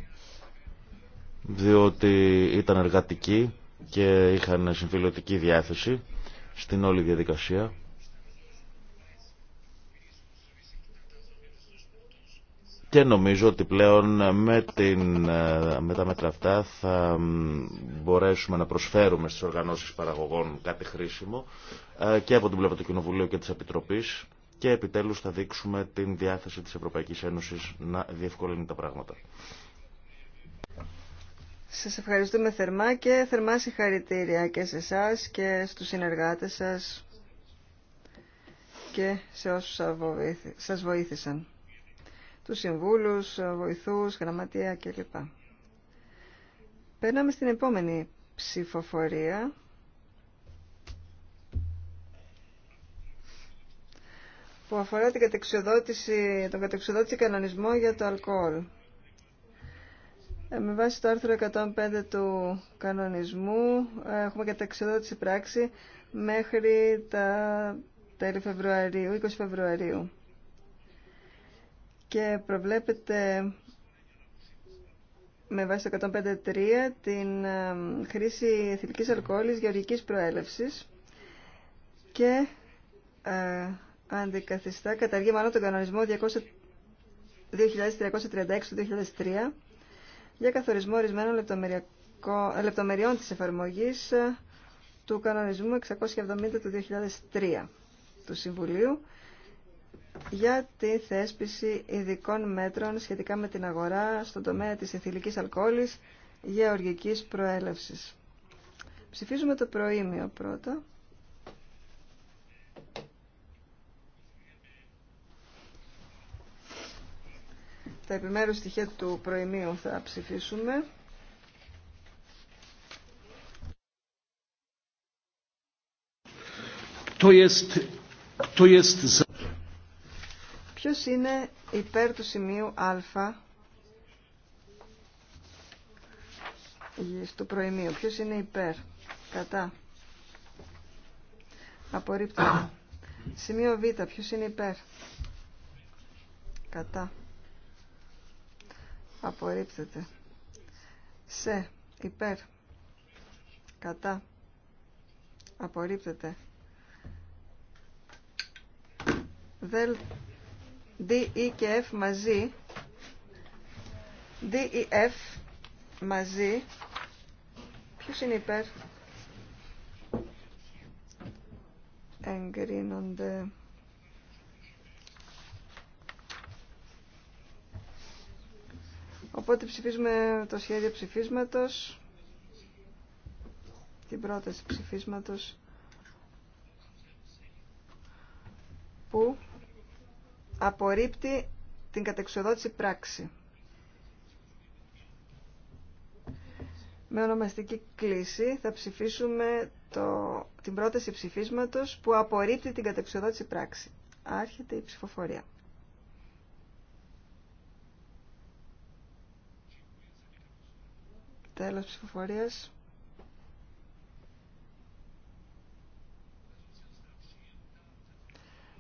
Speaker 1: διότι ήταν εργατικοί και είχαν συμφιλωτική διάθεση στην όλη διαδικασία. Και νομίζω ότι πλέον με, την, τα μέτρα αυτά θα μπορέσουμε να προσφέρουμε στις οργανώσεις παραγωγών κάτι χρήσιμο ε, και από την πλευρά του Κοινοβουλίου και της Επιτροπής και επιτέλους θα δείξουμε την διάθεση της Ευρωπαϊκής Ένωσης να διευκολύνει τα πράγματα.
Speaker 2: Σας ευχαριστούμε θερμά και θερμά συγχαρητήρια και σε εσά και στους συνεργάτες σας και σε όσους σας βοήθησαν. Τους συμβούλους, βοηθούς, γραμματεία κλπ. Περνάμε στην επόμενη ψηφοφορία. που αφορά την κατεξοδότηση, τον κατεξοδότηση κανονισμό για το αλκοόλ. Ε, με βάση το άρθρο 105 του κανονισμού ε, έχουμε καταξιδότηση πράξη μέχρι τα τέλη Φεβρουαρίου, 20 Φεβρουαρίου. Και προβλέπεται με βάση το 105.3 την ε, χρήση εθνικής αλκοόλης γεωργικής προέλευσης και αντικαθιστά, καταργεί μάλλον τον κανονισμό 200, 2336 2003 για καθορισμό ορισμένων λεπτομεριών της εφαρμογής ε, του κανονισμού 670 του 2003 του Συμβουλίου για τη θέσπιση ειδικών μέτρων σχετικά με την αγορά στον τομέα της εθιλικής αλκοόλης γεωργικής προέλευσης. Ψηφίζουμε το προήμιο πρώτα. τα επιμέρους στοιχεία του προημείου θα ψηφίσουμε.
Speaker 1: Το το
Speaker 2: Ποιος είναι υπέρ του σημείου α στο προημείο. Ποιος είναι υπέρ. Κατά. Απορρίπτω. Σημείο β. Ποιος είναι υπέρ. Κατά απορρίπτεται. Σε, υπέρ, κατά, απορρίπτεται. Δελ, D, E και F μαζί, D, E, F μαζί, ποιος είναι υπέρ, εγκρίνονται... Οπότε ψηφίζουμε το σχέδιο ψηφίσματος, την πρόταση ψηφίσματος που απορρίπτει την κατεξοδότηση πράξη. Με ονομαστική κλίση θα ψηφίσουμε το, την πρόταση ψηφίσματος που απορρίπτει την κατεξοδότηση πράξη. Άρχεται η ψηφοφορία. Τέλος ψηφοφορίας.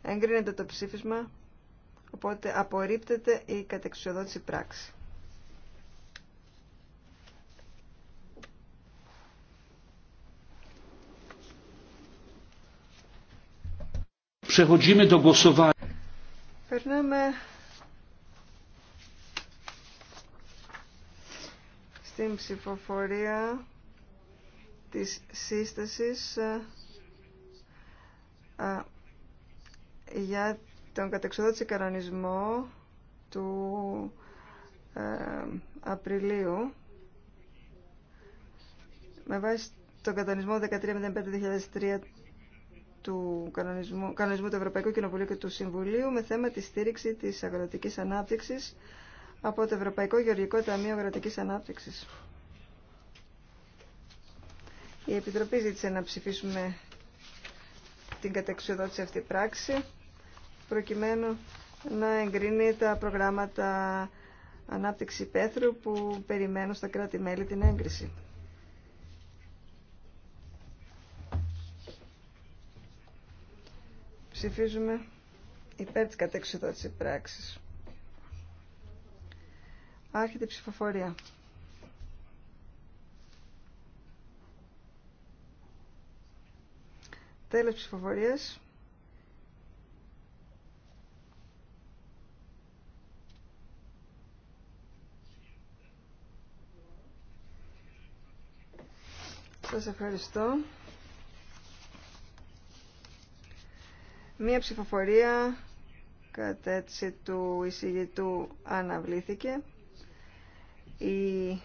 Speaker 2: Εγκρίνεται το ψήφισμα, οπότε απορρίπτεται η κατεξουσιοδότηση πράξη. Περνάμε στην ψηφοφορία της σύστασης ε, για τον κατεξοδότηση κανονισμό του ε, Απριλίου με βάση τον κανονισμο 13.05.2003 του κανονισμού, κανονισμού του Ευρωπαϊκού Κοινοβουλίου και του Συμβουλίου με θέμα τη στήριξη της αγροτικής ανάπτυξης από το Ευρωπαϊκό Γεωργικό Ταμείο Αγροτική ανάπτυξη. Η Επιτροπή ζήτησε να ψηφίσουμε την κατεξοδότηση αυτή πράξη προκειμένου να εγκρίνει τα προγράμματα ανάπτυξη πέθρου που περιμένουν στα κράτη-μέλη την έγκριση. Ψηφίζουμε υπέρ της κατεξοδότησης πράξης. Άρχεται η ψηφοφορία. Τέλος ψηφοφορίας. Σας ευχαριστώ. Μία ψηφοφορία κατέτσι του εισηγητού αναβλήθηκε. Η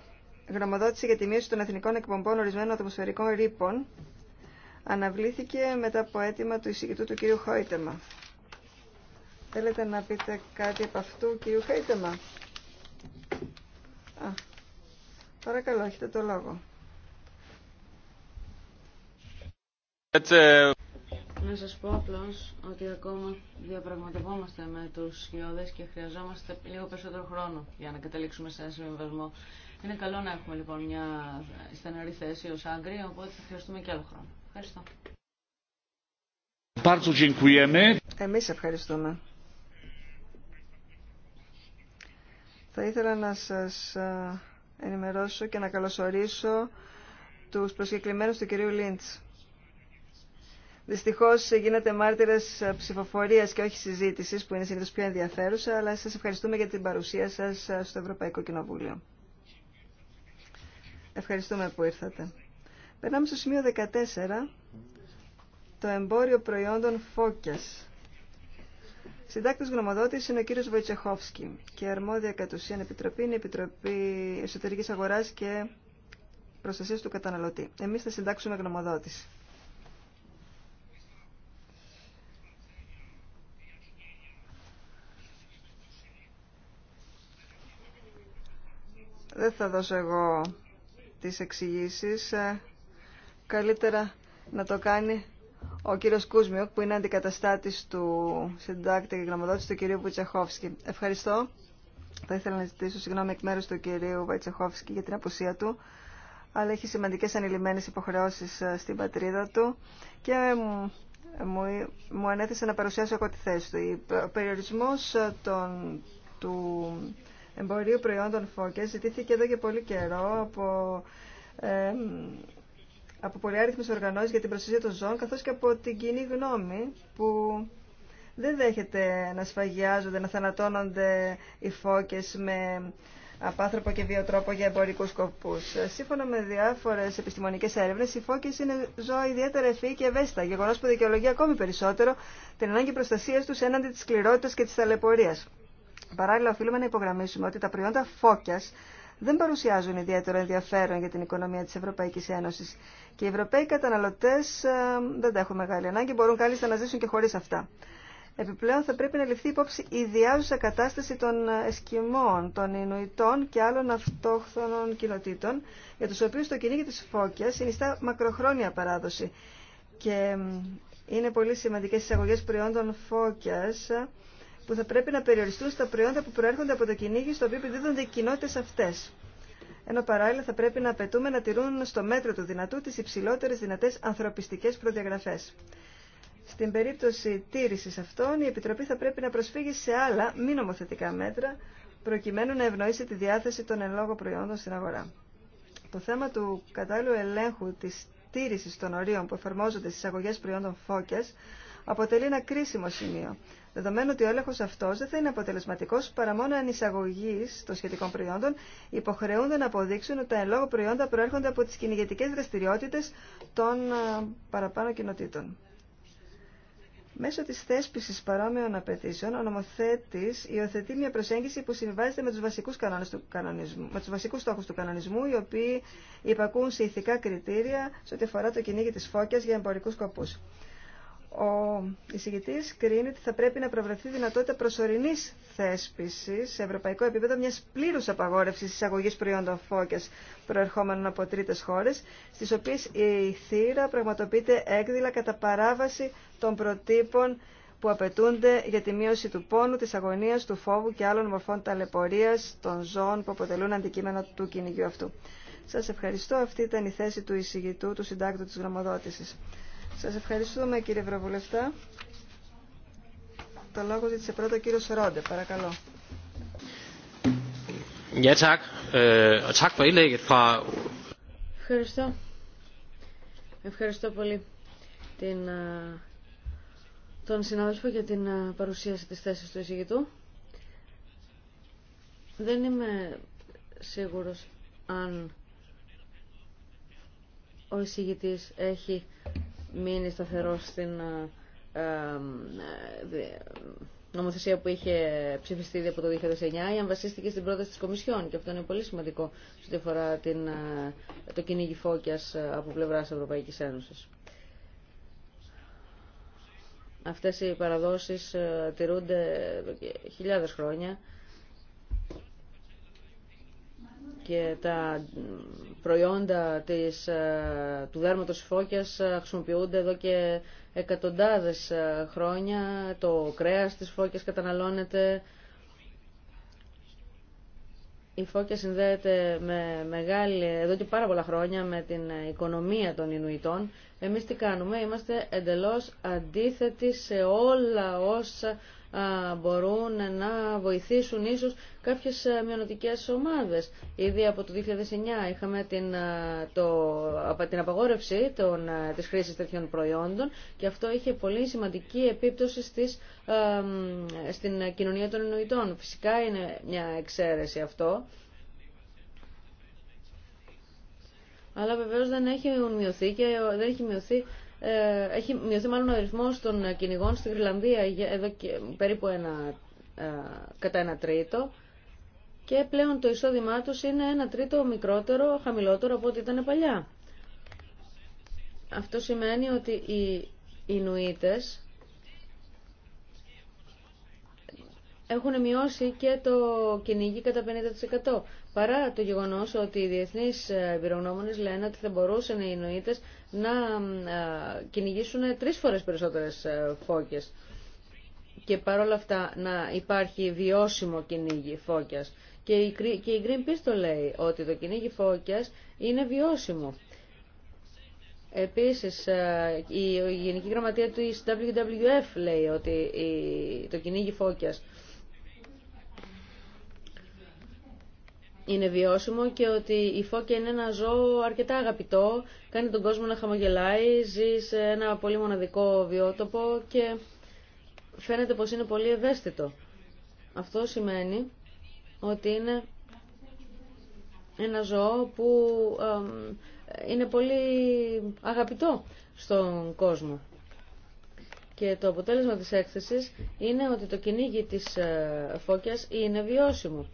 Speaker 2: γνωμοδότηση για τη μείωση των εθνικών εκπομπών ορισμένων ατμοσφαιρικών ρήπων αναβλήθηκε μετά από αίτημα του εισηγητού του κύριου Χόιτεμα. Θέλετε να πείτε κάτι από αυτού, κύριου Χόιτεμα. παρακαλώ, έχετε το
Speaker 3: λόγο. Uh, να σας πω απλώς ότι ακόμα διαπραγματευόμαστε με τους χιλιόδες και χρειαζόμαστε λίγο περισσότερο χρόνο για να καταλήξουμε σε ένα συμβιβασμό. Είναι καλό να έχουμε λοιπόν μια στεναρή θέση ως άγκρη, οπότε θα χρειαστούμε και άλλο χρόνο. Ευχαριστώ.
Speaker 2: Εμείς ευχαριστούμε. Θα ήθελα να σας ε, ενημερώσω και να καλωσορίσω τους προσκεκλημένους του κυρίου Λίντς. Δυστυχώς γίνατε μάρτυρες ψηφοφορίας και όχι συζήτησης που είναι συνήθως πιο ενδιαφέρουσα, αλλά σας ευχαριστούμε για την παρουσία σας στο Ευρωπαϊκό Κοινοβούλιο. Ευχαριστούμε που ήρθατε. Περνάμε στο σημείο 14, το εμπόριο προϊόντων φώκιας. Συντάκτη γνωμοδότη είναι ο κύριος Βοητσεχόφσκι και αρμόδια κατ' ουσίαν επιτροπή είναι η Επιτροπή Εσωτερική Αγορά και προστασία του Καταναλωτή. Εμεί θα συντάξουμε γνωμοδότηση. Δεν θα δώσω εγώ τις εξηγήσει. Ε, καλύτερα να το κάνει ο κύριος Κούσμιου, που είναι αντικαταστάτης του συντάκτη και γραμματότης του κυρίου Βουτσεχόφσκι. Ευχαριστώ. Θα ήθελα να ζητήσω συγγνώμη εκ μέρους του κυρίου Βουτσεχόφσκι για την απουσία του αλλά έχει σημαντικές ανηλυμένες υποχρεώσεις ε, στην πατρίδα του και ε, μου, μου ανέθεσε να παρουσιάσω εγώ τη θέση του. Ο περιορισμός του εμπορίου προϊόντων φώκες ζητήθηκε εδώ και πολύ καιρό από, ε, από πολυάριθμες οργανώσεις για την προστασία των ζώων καθώ και από την κοινή γνώμη που δεν δέχεται να σφαγιάζονται, να θανατώνονται οι φώκες με απάνθρωπο και βιοτρόπο για εμπορικού σκοπού. Σύμφωνα με διάφορε επιστημονικέ έρευνε, οι φώκε είναι ζώα ιδιαίτερα ευφυή και ευαίσθητα, γεγονό που δικαιολογεί ακόμη περισσότερο την ανάγκη προστασία του έναντι τη σκληρότητα και τη ταλαιπωρία. Παράλληλα, οφείλουμε να υπογραμμίσουμε ότι τα προϊόντα φώκια δεν παρουσιάζουν ιδιαίτερο ενδιαφέρον για την οικονομία τη Ευρωπαϊκή Ένωση και οι Ευρωπαίοι καταναλωτέ ε, δεν τα έχουν μεγάλη ανάγκη, μπορούν κάλλιστα να ζήσουν και χωρί αυτά. Επιπλέον θα πρέπει να ληφθεί υπόψη η διάζουσα κατάσταση των ε, Εσκιμών, των Ινουιτών και άλλων αυτόχθονων κοινοτήτων, για τους οποίους το κυνήγι της Φώκιας συνιστά μακροχρόνια παράδοση. Και είναι πολύ σημαντικές εισαγωγέ προϊόντων Φώκιας που θα πρέπει να περιοριστούν στα προϊόντα που προέρχονται από το κυνήγι στο οποίο επιδίδονται οι κοινότητε αυτέ. Ενώ παράλληλα θα πρέπει να απαιτούμε να τηρούν στο μέτρο του δυνατού τι υψηλότερε δυνατέ ανθρωπιστικέ προδιαγραφέ. Στην περίπτωση τήρηση αυτών, η Επιτροπή θα πρέπει να προσφύγει σε άλλα μη νομοθετικά μέτρα, προκειμένου να ευνοήσει τη διάθεση των εν λόγω προϊόντων στην αγορά. Το θέμα του κατάλληλου ελέγχου τη τήρηση των ορίων που εφαρμόζονται στι αγωγέ προϊόντων φώκε αποτελεί ένα κρίσιμο σημείο Δεδομένου ότι ο έλεγχο αυτό δεν θα είναι αποτελεσματικό παρά μόνο αν εισαγωγή των σχετικών προϊόντων υποχρεούνται να αποδείξουν ότι τα εν λόγω προϊόντα προέρχονται από τι κυνηγετικέ δραστηριότητε των ε, παραπάνω κοινοτήτων. Μέσω τη θέσπιση παρόμοιων απαιτήσεων, ο νομοθέτη υιοθετεί μια προσέγγιση που συμβάζεται με του βασικού βασικούς στόχου του κανονισμού, οι οποίοι υπακούν σε ηθικά κριτήρια σε ό,τι αφορά το κυνήγι τη φώκια για εμπορικού σκοπού. Ο εισηγητή κρίνει ότι θα πρέπει να προβρεθεί δυνατότητα προσωρινή θέσπιση σε ευρωπαϊκό επίπεδο μιας πλήρους απαγόρευσης εισαγωγή προϊόντων φώκες προερχόμενων από τρίτε χώρε, στι οποίε η θύρα πραγματοποιείται έκδηλα κατά παράβαση των προτύπων που απαιτούνται για τη μείωση του πόνου, τη αγωνία, του φόβου και άλλων μορφών ταλαιπωρία των ζώων που αποτελούν αντικείμενα του κυνηγιού αυτού. Σας ευχαριστώ. Αυτή ήταν η θέση του εισηγητού, του συντάκτου της γνωμοδότησης. Σας ευχαριστούμε κύριε Ευρωβουλευτά. Το λόγο ζήτησε πρώτα ο κύριος Ρόντε. Παρακαλώ.
Speaker 1: Ε,
Speaker 3: Ευχαριστώ. Ευχαριστώ πολύ ε, τον συνάδελφο για την ε, παρουσίαση της θέσης του εισηγητού. Δεν είμαι σίγουρος αν ο εισηγητής έχει μείνει σταθερό στην ε, ε, ε, νομοθεσία που είχε ψηφιστεί από το 2009, αν βασίστηκε στην πρόταση της Κομισιόν και αυτό είναι πολύ σημαντικό σε ό,τι αφορά την, το κυνήγι φώκιας από πλευράς Ευρωπαϊκής Ένωσης. Αυτές οι παραδόσεις τηρούνται χιλιάδες χρόνια και τα προϊόντα ε, του δέρματος φώκιας ε, χρησιμοποιούνται εδώ και εκατοντάδες ε, χρόνια. Το κρέας της φώκιας καταναλώνεται. Η φώκια συνδέεται με μεγάλη, εδώ και πάρα πολλά χρόνια με την οικονομία των Ινουητών. Εμείς τι κάνουμε, είμαστε εντελώς αντίθετοι σε όλα όσα μπορούν να βοηθήσουν ίσως κάποιες μειονοτικές ομάδες. Ήδη από το 2009 είχαμε την, το, την απαγόρευση των, της χρήσης τέτοιων προϊόντων και αυτό είχε πολύ σημαντική επίπτωση στις, στην κοινωνία των εννοητών. Φυσικά είναι μια εξαίρεση αυτό. Αλλά βεβαίως δεν έχει μειωθεί και δεν έχει μειωθεί ε, έχει μειωθεί μάλλον ο αριθμό των κυνηγών στη Γρυλανδία εδώ και περίπου ένα, ε, κατά ένα τρίτο και πλέον το εισόδημά του είναι ένα τρίτο μικρότερο, χαμηλότερο από ό,τι ήταν παλιά. Αυτό σημαίνει ότι οι Ινουίτες έχουν μειώσει και το κυνήγι κατά 50%. Παρά το γεγονός ότι οι διεθνείς εμπειρογνώμονες λένε ότι θα μπορούσαν οι Ινουίτες να ε, κυνηγήσουν τρεις φορές περισσότερες ε, φώκες και παρόλα αυτά να υπάρχει βιώσιμο κυνήγι φώκιας. Και η, και η Greenpeace το λέει ότι το κυνήγι φώκιας είναι βιώσιμο. Επίσης, ε, η Γενική Γραμματεία του WWF λέει ότι το κυνήγι φώκιας είναι βιώσιμο και ότι η φώκια είναι ένα ζώο αρκετά αγαπητό, κάνει τον κόσμο να χαμογελάει, ζει σε ένα πολύ μοναδικό βιότοπο και φαίνεται πως είναι πολύ ευαίσθητο. Αυτό σημαίνει ότι είναι ένα ζώο που είναι πολύ αγαπητό στον κόσμο. Και το αποτέλεσμα της έκθεσης είναι ότι το κυνήγι της ε, φώκιας είναι βιώσιμο.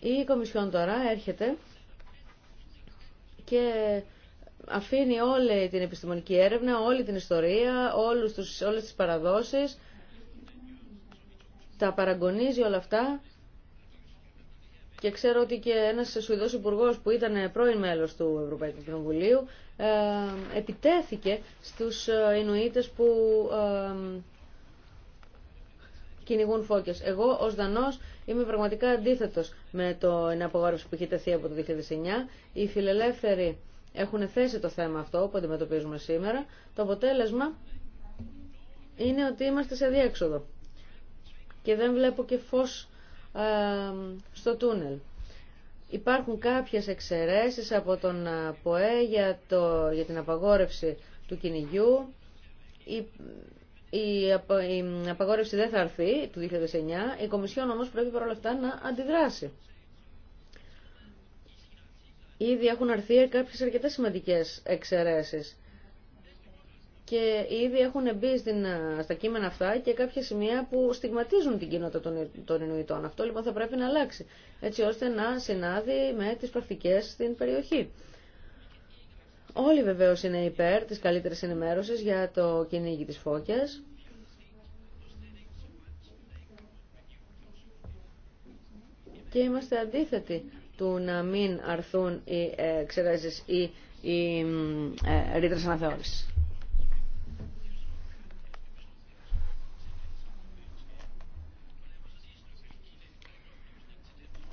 Speaker 3: Η Κομισιόν τώρα έρχεται και αφήνει όλη την επιστημονική έρευνα, όλη την ιστορία, όλους τους, όλες τις παραδόσεις, τα παραγωνίζει όλα αυτά και ξέρω ότι και ένας Σουηδός υπουργό που ήταν πρώην μέλος του Ευρωπαϊκού Κοινοβουλίου ε, επιτέθηκε στους ε, Ινουίτες που ε, κυνηγούν φώκε. Εγώ ω Δανό είμαι πραγματικά αντίθετο με το απαγόρευση που έχει τεθεί από το 2009. Οι φιλελεύθεροι έχουν θέσει το θέμα αυτό που αντιμετωπίζουμε σήμερα. Το αποτέλεσμα είναι ότι είμαστε σε διέξοδο και δεν βλέπω και φως στο τούνελ. Υπάρχουν κάποιες εξαιρέσεις από τον ΠΟΕ για, το, για την απαγόρευση του κυνηγιού η απαγόρευση δεν θα έρθει του 2009, η Κομισιόν όμως πρέπει παρόλα αυτά να αντιδράσει. Ήδη έχουν αρθεί κάποιες αρκετά σημαντικές εξαιρέσεις και ήδη έχουν μπει στην, στα κείμενα αυτά και κάποια σημεία που στιγματίζουν την κοινότητα των, των Ινουητών. Αυτό λοιπόν θα πρέπει να αλλάξει, έτσι ώστε να συνάδει με τις πρακτικέ στην περιοχή. Όλοι βεβαίω είναι υπέρ τη καλύτερη ενημέρωση για το κυνήγι τη φώκιας. Και είμαστε αντίθετοι του να μην αρθούν οι ε, εξαιρέσεις ή οι ε, ρήτρε αναθεώρηση.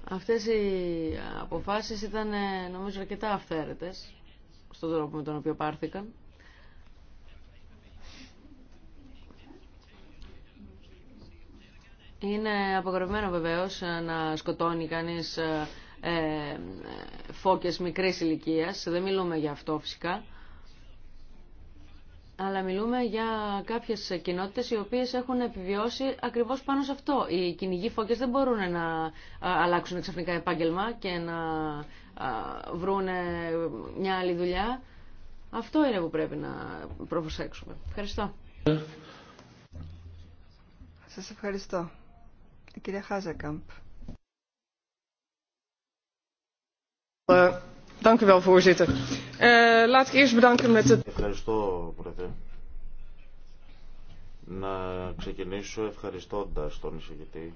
Speaker 3: Αυτές οι αποφάσεις ήταν ε, νομίζω αρκετά αυθαίρετες στον τρόπο με τον οποίο πάρθηκαν. Είναι απογορευμένο βεβαίως να σκοτώνει κανείς ε, ε, φώκες μικρής ηλικίας. Δεν μιλούμε για αυτό φυσικά. Αλλά μιλούμε για κάποιες κοινότητες οι οποίες έχουν επιβιώσει ακριβώς πάνω σε αυτό. Οι κυνηγοί φώκες δεν μπορούν να ε, αλλάξουν ξαφνικά επάγγελμα και να βρούνε μια άλλη δουλειά. Αυτό είναι που πρέπει να προσέξουμε. Ευχαριστώ. Σας ευχαριστώ.
Speaker 2: Η κυρία Χάζεκαμπ.
Speaker 1: Ευχαριστώ, Πρόεδρε. Να ξεκινήσω ευχαριστώντας τον εισηγητή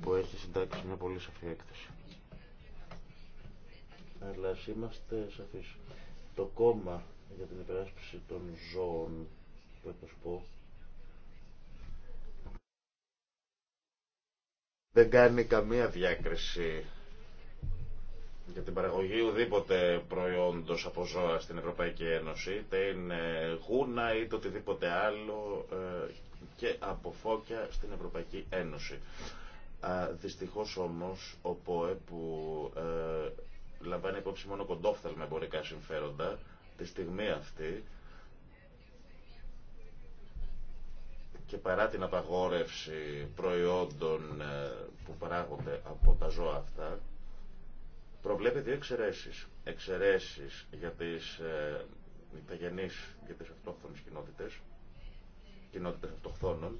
Speaker 1: που έχει συντάξει μια πολύ σαφή έκθεση αλλά ας είμαστε Το κόμμα για την υπεράσπιση των ζώων που εκπροσωπώ δεν κάνει καμία διάκριση για την παραγωγή ουδήποτε προϊόντος από ζώα στην Ευρωπαϊκή Ένωση, είτε είναι γούνα είτε οτιδήποτε άλλο ε, και από φώκια στην Ευρωπαϊκή Ένωση. Δυστυχώς όμως ο ΠΟΕ που ε, λαμβάνει υπόψη μόνο κοντόφθαλμα εμπορικά συμφέροντα, τη στιγμή αυτή και παρά την απαγόρευση προϊόντων ε, που παράγονται από τα ζώα αυτά, προβλέπει δύο εξαιρέσεις. Εξαιρέσεις για τις ε, και τις αυτόχθονες κοινότητες, κοινότητες αυτοχθόνων,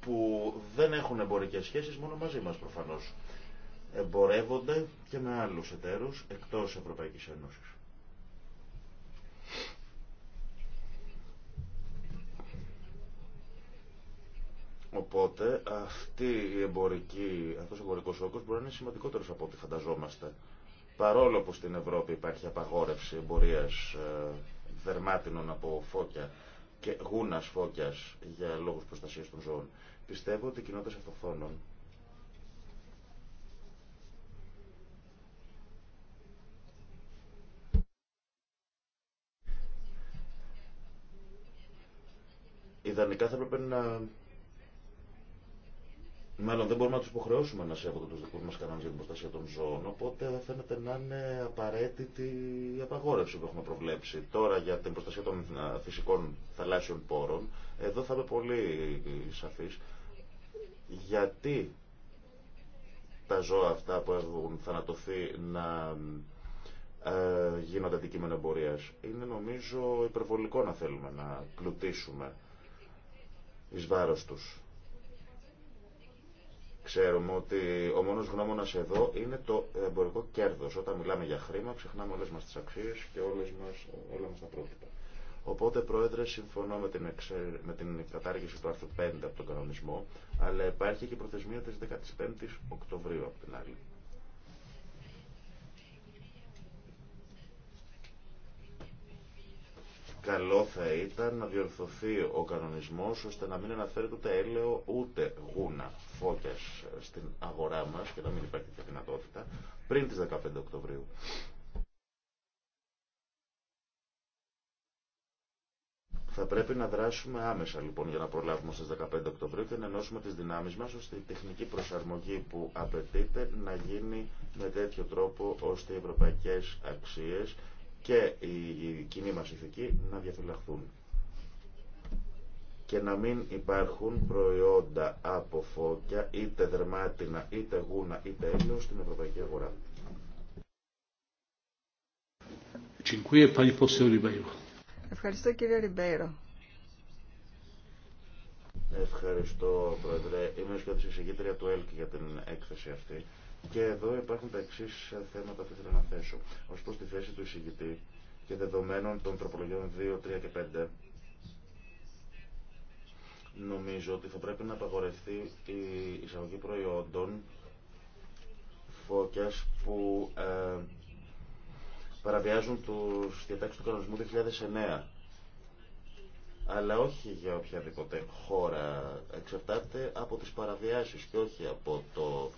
Speaker 1: που δεν έχουν εμπορικές σχέσεις μόνο μαζί μας προφανώς. Εμπορεύονται και με άλλους εταίρους εκτός Ευρωπαϊκής Ένωσης. Οπότε αυτή η εμπορική, αυτός ο εμπορικός όγκος μπορεί να είναι σημαντικότερος από ό,τι φανταζόμαστε. Παρόλο που στην Ευρώπη υπάρχει απαγόρευση εμπορίας ε, δερμάτινων από φόκια, και γούνα φώκιας για λόγου προστασία των ζώων. Πιστεύω ότι οι κοινότητες αυτοθόνων ιδανικά θα έπρεπε να Μάλλον δεν μπορούμε να του υποχρεώσουμε να σέβονται του δικού μα κανόνε για την προστασία των ζώων. Οπότε φαίνεται να είναι απαραίτητη η απαγόρευση που έχουμε προβλέψει. Τώρα για την προστασία των ε, φυσικών θαλάσσιων πόρων, εδώ θα είμαι πολύ σαφή. Γιατί τα ζώα αυτά που έχουν θανατωθεί να ε, γίνονται αντικείμενο εμπορία. Είναι νομίζω υπερβολικό να θέλουμε να πλουτίσουμε ει βάρο του. Ξέρουμε ότι ο μόνος γνώμονας εδώ είναι το εμπορικό κέρδος. Όταν μιλάμε για χρήμα ξεχνάμε όλες μας τις αξίες και όλες μας, όλα μας τα πρότυπα. Οπότε, Πρόεδρε, συμφωνώ με την, εξε... με την κατάργηση του άρθρου 5 από τον κανονισμό, αλλά υπάρχει και η προθεσμία της 15ης Οκτωβρίου από την άλλη. Καλό θα ήταν να διορθωθεί ο κανονισμός ώστε να μην αναφέρεται ούτε έλαιο ούτε γούνα φώκες στην αγορά μας και να μην υπάρχει τέτοια δυνατότητα πριν τις 15 Οκτωβρίου. Θα πρέπει να δράσουμε άμεσα λοιπόν για να προλάβουμε στις 15 Οκτωβρίου και να ενώσουμε τις δυνάμεις μας ώστε η τεχνική προσαρμογή που απαιτείται να γίνει με τέτοιο τρόπο ώστε οι ευρωπαϊκές αξίες και η κοινή μας ηθική να διαφυλαχθούν και να μην υπάρχουν προϊόντα από φώκια, είτε δερμάτινα, είτε γούνα, είτε έλαιο στην ευρωπαϊκή αγορά.
Speaker 2: Ευχαριστώ κύριε Ριμπέιρο.
Speaker 1: Ευχαριστώ, Πρόεδρε. Είμαι σκότης εισηγήτρια του ΕΛΚ για την έκθεση αυτή. Και εδώ υπάρχουν τα εξή θέματα που θέλω να θέσω. Ω προ τη θέση του εισηγητή και δεδομένων των τροπολογιών 2, 3 και 5, νομίζω ότι θα πρέπει να απαγορευτεί η εισαγωγή προϊόντων φώκια που ε, παραβιάζουν τους διατάξεις του κανονισμού 2009 αλλά όχι για οποιαδήποτε χώρα εξαρτάται από τις παραβιάσεις και όχι από το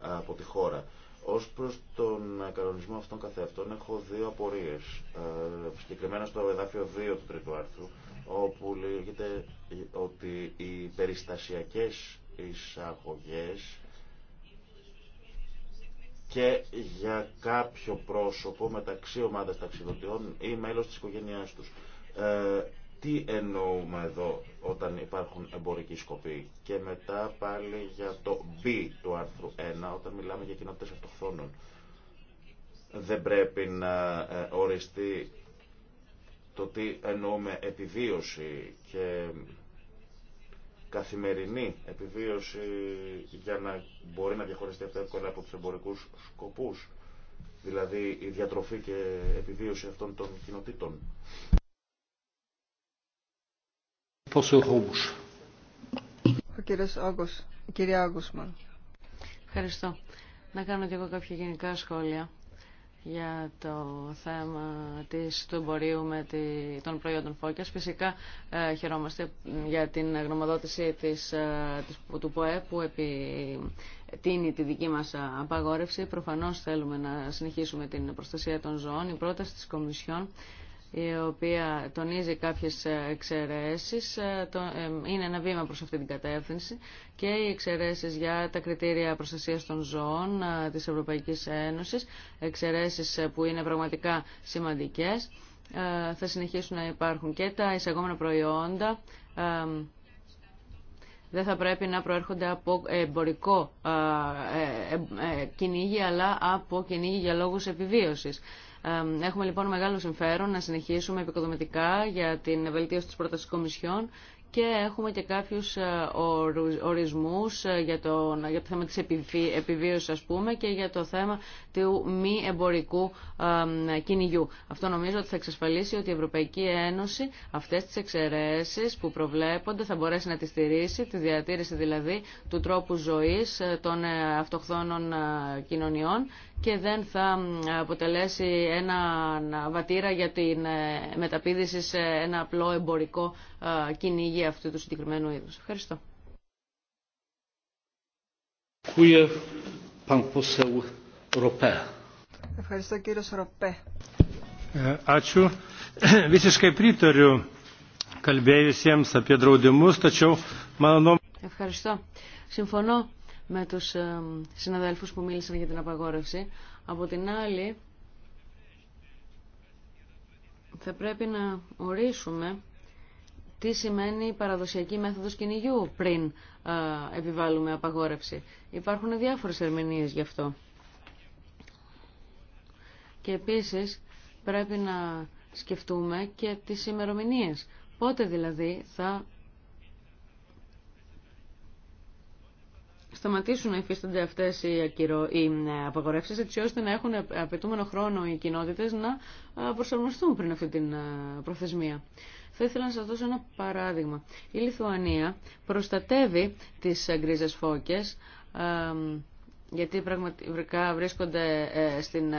Speaker 1: από τη χώρα. Ως προς τον κανονισμό αυτών καθεαυτών έχω δύο απορίες. Ε, συγκεκριμένα στο εδάφιο 2 του τρίτου άρθρου, όπου λέγεται ότι οι περιστασιακές εισαγωγές και για κάποιο πρόσωπο μεταξύ ομάδας ταξιδοτιών ή μέλος της οικογένειάς τους. Ε, τι εννοούμε εδώ όταν υπάρχουν εμπορικοί σκοποί. Και μετά πάλι για το B του άρθρου 1, όταν μιλάμε για κοινότητες αυτοχθόνων. Δεν πρέπει να ε, οριστεί το τι εννοούμε επιβίωση και καθημερινή επιβίωση για να μπορεί να διαχωριστεί αυτό εύκολα από τους εμπορικούς σκοπούς. Δηλαδή η διατροφή και επιβίωση αυτών των κοινοτήτων.
Speaker 3: Ευχαριστώ. Να κάνω και εγώ κάποια γενικά σχόλια για το θέμα της, του εμπορίου με τη, των προϊόντων φώκιας. Φυσικά ε, χαιρόμαστε για την γνωμοδότηση της, ε, της, του ΠΟΕ που επιτείνει τη δική μας απαγόρευση. Προφανώς θέλουμε να συνεχίσουμε την προστασία των ζώων. Η πρόταση της Κομισιόν η οποία τονίζει κάποιες εξαιρέσεις, ε, ε, είναι ένα βήμα προς αυτή την κατεύθυνση και οι εξαιρέσεις για τα κριτήρια προστασίας των ζώων ε, της Ευρωπαϊκής Ένωσης, εξαιρέσεις που είναι πραγματικά σημαντικές. Θα συνεχίσουν να υπάρχουν και τα εισαγόμενα προϊόντα, δεν θα πρέπει να προέρχονται από εμπορικό κυνήγι, αλλά από κυνήγι για λόγους επιβίωσης. Έχουμε λοιπόν μεγάλο συμφέρον να συνεχίσουμε επικοδομητικά για την βελτίωση της πρότασης Κομισιόν και έχουμε και κάποιους ε, ορισμούς ε, για το, για το θέμα της επιβίωσης ας πούμε και για το θέμα του μη εμπορικού κυνηγιού. Αυτό νομίζω ότι θα εξασφαλίσει ότι η Ευρωπαϊκή Ένωση αυτές τις εξαιρέσεις που προβλέπονται θα μπορέσει να τη στηρίσει, τη διατήρηση δηλαδή του τρόπου ζωής ε, των αυτοχθόνων κοινωνιών και δεν θα αποτελέσει ένα βατήρα για την ε, μεταπίδηση σε ένα απλό εμπορικό ε, κυνήγι αυτού του συγκεκριμένου είδους. Ευχαριστώ. Ευχαριστώ κύριο Ροπέ.
Speaker 1: Ε, ačiū. Visiškai pritariu kalbėjusiems apie draudimus, tačiau mano nuomonė.
Speaker 3: Ευχαριστώ. Συμφωνώ με τους ε, συναδέλφους που μίλησαν για την απαγόρευση. Από την άλλη, θα πρέπει να ορίσουμε τι σημαίνει παραδοσιακή μέθοδος κυνηγιού πριν ε, επιβάλλουμε απαγόρευση. Υπάρχουν διάφορες ερμηνείες γι' αυτό. Και επίσης πρέπει να σκεφτούμε και τις ημερομηνίες. Πότε δηλαδή θα σταματήσουν να υφίστανται αυτέ οι ε, απαγορεύσει, έτσι ώστε να έχουν απαιτούμενο χρόνο οι κοινότητε να ε, προσαρμοστούν πριν αυτή την ε, προθεσμία. Θα ήθελα να σα δώσω ένα παράδειγμα. Η Λιθουανία προστατεύει τις γκριζε φώκες γιατί πραγματικά βρίσκονται στην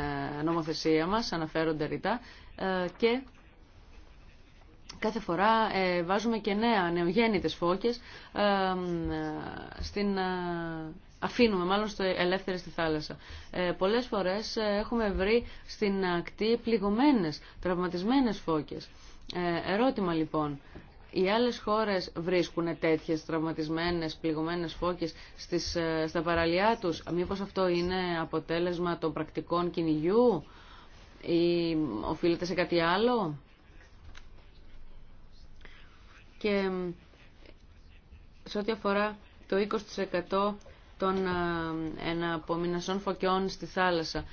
Speaker 3: νομοθεσία μας, αναφέρονται ρητά και Κάθε φορά ε, βάζουμε και νέα νεογέννητες φώκες, ε, στην, ε, αφήνουμε μάλλον στο ελεύθερη στη θάλασσα. πολλές φορές έχουμε βρει στην ακτή πληγωμένες, τραυματισμένες φώκες. ερώτημα λοιπόν, οι άλλες χώρες βρίσκουν τέτοιες τραυματισμένες, πληγωμένες φώκες στις, στα παραλιά τους. Μήπως αυτό είναι αποτέλεσμα των πρακτικών κυνηγιού ή οφείλεται σε κάτι άλλο. Και σε ό,τι αφορά το 20% των εναπομεινασών φωκιών στη θάλασσα.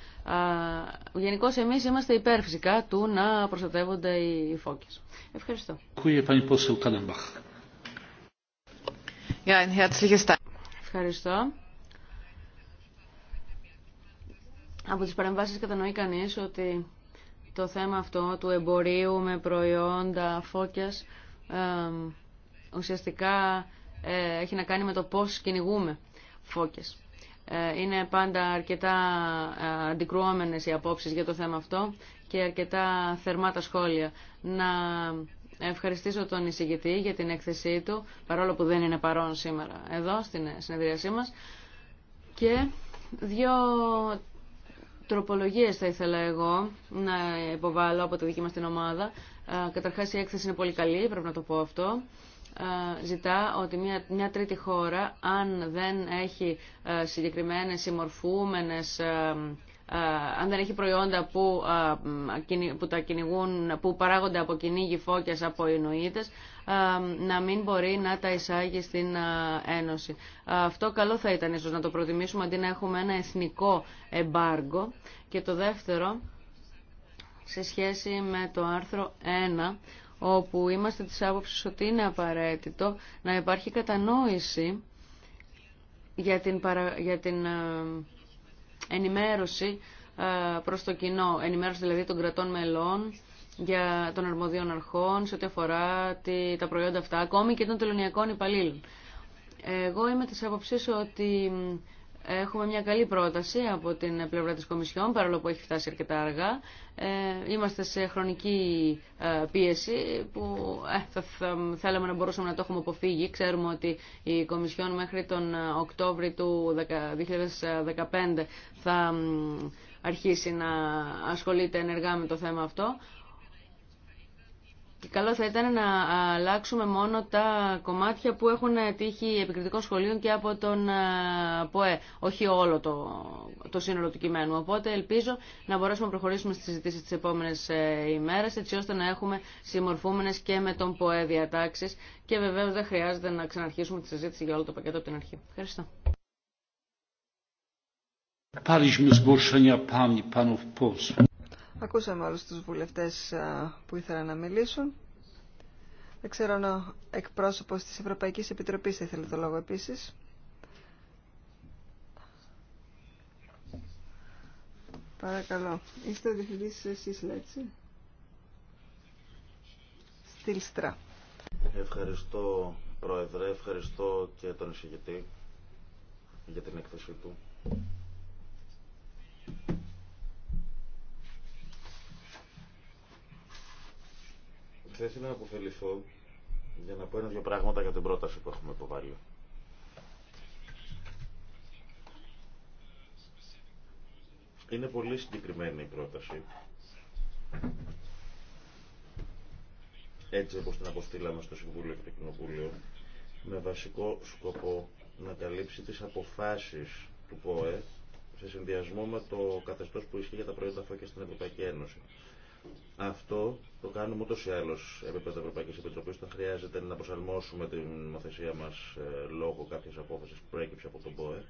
Speaker 3: Γενικώ εμείς είμαστε υπέρ φυσικά του να προστατεύονται οι φώκες. Ευχαριστώ. Ευχαριστώ. Από τις παρεμβάσεις κατανοεί κανείς ότι το θέμα αυτό του εμπορίου με προϊόντα φώκιας ουσιαστικά ε, έχει να κάνει με το πώς κυνηγούμε φώκες. Ε, είναι πάντα αρκετά ε, αντικρουόμενες οι απόψεις για το θέμα αυτό και αρκετά θερμά τα σχόλια. Να ευχαριστήσω τον εισηγητή για την έκθεσή του, παρόλο που δεν είναι παρόν σήμερα εδώ στην συνεδρίασή μας. Και δύο τροπολογίες θα ήθελα εγώ να υποβάλω από τη δική μας την ομάδα. Καταρχάς η έκθεση είναι πολύ καλή, πρέπει να το πω αυτό ζητά ότι μια, μια τρίτη χώρα αν δεν έχει συγκεκριμένες συμμορφούμενες αν δεν έχει προϊόντα που, που, τα κυνηγούν, που παράγονται από κυνήγι φώκιας από Ινουίτες, να μην μπορεί να τα εισάγει στην Ένωση. Αυτό καλό θα ήταν ίσως να το προτιμήσουμε αντί να έχουμε ένα εθνικό εμπάργκο. Και το δεύτερο, σε σχέση με το άρθρο 1 όπου είμαστε της άποψης ότι είναι απαραίτητο να υπάρχει κατανόηση για την, παρα... για την ε, ενημέρωση ε, προς το κοινό, ενημέρωση δηλαδή των κρατών μελών για των αρμοδίων αρχών σε ό,τι αφορά τα προϊόντα αυτά, ακόμη και των τελωνιακών υπαλλήλων. Εγώ είμαι της άποψης ότι Έχουμε μια καλή πρόταση από την πλευρά της Κομισιόν, παρόλο που έχει φτάσει αρκετά αργά. Ε, είμαστε σε χρονική ε, πίεση που ε, θα, θέλαμε να μπορούσαμε να το έχουμε αποφύγει. Ξέρουμε ότι η Κομισιόν μέχρι τον Οκτώβριο του 2015 θα αρχίσει να ασχολείται ενεργά με το θέμα αυτό. Και καλό θα ήταν να αλλάξουμε μόνο τα κομμάτια που έχουν τύχει επικριτικών σχολείων και από τον ε, ΠΟΕ, όχι όλο το, το σύνολο του κειμένου. Οπότε ελπίζω να μπορέσουμε να προχωρήσουμε στις συζητήσεις τις επόμενες ε, ημέρες, έτσι ώστε να έχουμε συμμορφούμενες και με τον ΠΟΕ διατάξεις και βεβαίως δεν χρειάζεται να ξαναρχίσουμε τη συζήτηση για όλο το πακέτο από την αρχή. Ευχαριστώ. Ακούσαμε
Speaker 2: όλους τους βουλευτές που ήθελαν να μιλήσουν. Δεν ξέρω αν ο εκπρόσωπος της Ευρωπαϊκής Επιτροπής ήθελε το λόγο επίσης. Παρακαλώ. Είστε ο διευθυντής εσείς, έτσι. Στήλστρα.
Speaker 1: Ευχαριστώ, Πρόεδρε. Ευχαριστώ και τον εισηγητή για την έκθεσή του. Θα ήθελα να αποφεληθώ για να πω ένα-δύο πράγματα για την πρόταση που έχουμε υποβάλει. Είναι πολύ συγκεκριμένη η πρόταση. Έτσι όπως την αποστήλαμε στο Συμβούλιο και το Κοινοβούλιο, με βασικό σκοπό να καλύψει τις αποφάσεις του ΠΟΕ σε συνδυασμό με το καθεστώς που ισχύει για τα προϊόντα φώκια στην Ευρωπαϊκή Ένωση. Αυτό το κάνουμε ούτως ή άλλως επίπεδο Ευρωπαϊκής Επιτροπής. Θα χρειάζεται να προσαρμόσουμε την νομοθεσία μας ε, λόγω κάποιες απόφασης που προέκυψε από τον ΠΟΕ.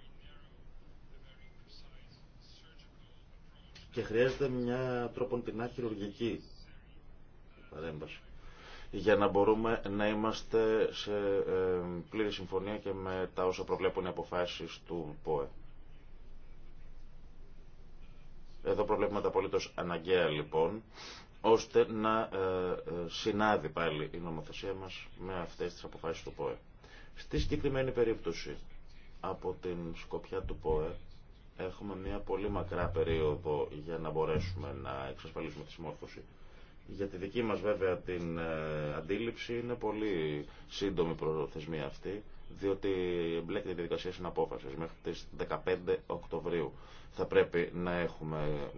Speaker 1: Και χρειάζεται μια τρόπον την χειρουργική παρέμβαση για να μπορούμε να είμαστε σε ε, πλήρη συμφωνία και με τα όσα προβλέπουν οι αποφάσεις του ΠΟΕ. Εδώ προβλέπουμε τα απολύτω αναγκαία λοιπόν, ώστε να ε, ε, συνάδει πάλι η νομοθεσία μας με αυτές τις αποφάσεις του ΠΟΕ. Στη συγκεκριμένη περίπτωση, από την σκοπιά του ΠΟΕ, έχουμε μια πολύ μακρά περίοδο για να μπορέσουμε να εξασφαλίσουμε τη συμμόρφωση. Για τη δική μας βέβαια την ε, αντίληψη είναι πολύ σύντομη προθεσμία αυτή διότι μπλέκεται η διαδικασία συναπόφαση μέχρι τις 15 Οκτωβρίου. Θα πρέπει να έχουμε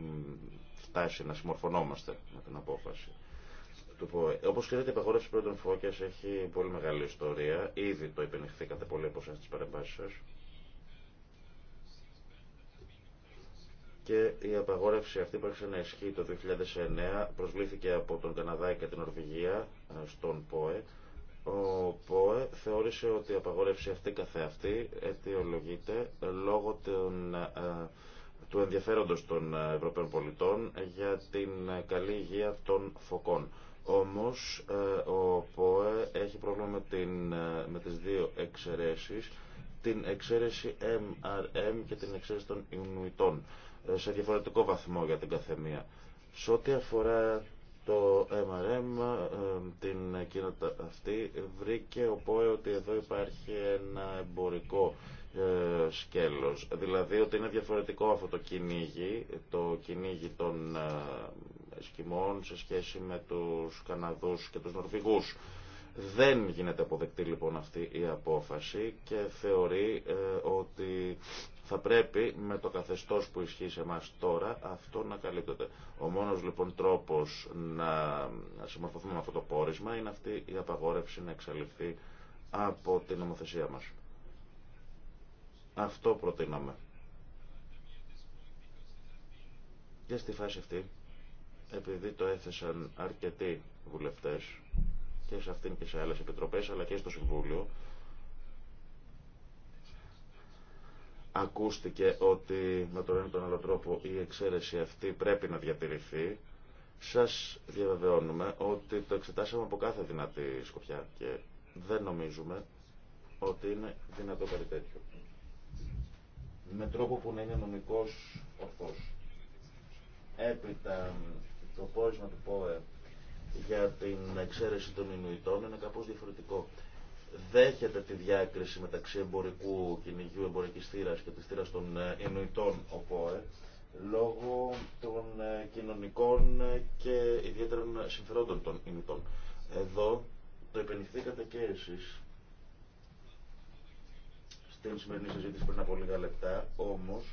Speaker 1: φτάσει να συμμορφωνόμαστε με την απόφαση. Όπω ξέρετε, η απαγόρευση πρώτων φώκια έχει πολύ μεγάλη ιστορία. Ήδη το υπενεχθήκατε πολύ από εσά τι παρεμβάσει σα. Και η απαγόρευση αυτή που άρχισε να ισχύει το 2009 προσβλήθηκε από τον Καναδά και την Ορβηγία ε, στον ΠΟΕ ο ΠΟΕ θεώρησε ότι η απαγόρευση αυτή καθεαυτή αιτιολογείται λόγω ε, του ενδιαφέροντος των Ευρωπαίων πολιτών για την καλή υγεία των φωκών. Όμως ε, ο ΠΟΕ έχει πρόβλημα με, την, ε, με τις δύο εξαιρέσεις, την εξαίρεση MRM και την εξαίρεση των Ινουιτών, σε διαφορετικό βαθμό για την καθεμία. Σε ό,τι αφορά το MRM, την κοινότητα αυτή, βρήκε οπότε ότι εδώ υπάρχει ένα εμπορικό ε, σκέλος. Δηλαδή ότι είναι διαφορετικό αυτό το κυνήγι, το κυνήγι των σκημών ε, σε σχέση με τους Καναδούς και τους Νορβηγούς. Δεν γίνεται αποδεκτή λοιπόν αυτή η απόφαση και θεωρεί ε, ότι θα πρέπει με το καθεστώς που ισχύει σε εμάς τώρα αυτό να καλύπτεται. Ο μόνος λοιπόν τρόπος να συμμορφωθούμε με αυτό το πόρισμα είναι αυτή η απαγόρευση να εξαλειφθεί από την νομοθεσία μας. Αυτό προτείναμε. Και στη φάση αυτή, επειδή το έθεσαν αρκετοί βουλευτές και σε αυτήν και σε άλλες επιτροπές αλλά και στο Συμβούλιο, ακούστηκε ότι με τον ένα τον άλλο τρόπο η εξαίρεση αυτή πρέπει να διατηρηθεί. Σας διαβεβαιώνουμε ότι το εξετάσαμε από κάθε δυνατή σκοπιά και δεν νομίζουμε ότι είναι δυνατό κάτι τέτοιο. Με τρόπο που να είναι νομικός ορθός. Έπειτα το πόρισμα του ΠΟΕ για την εξαίρεση των Ινουητών είναι κάπως διαφορετικό δέχεται τη διάκριση μεταξύ εμπορικού κυνηγιού, εμπορική θύρα και της θύρα των εννοητών ΟΠΟΕ λόγω των ε, κοινωνικών ε, και ιδιαίτερων συμφερόντων των Ινουητών. Εδώ το επενηθήκατε και εσείς στην σημερινή συζήτηση πριν από λίγα λεπτά, όμως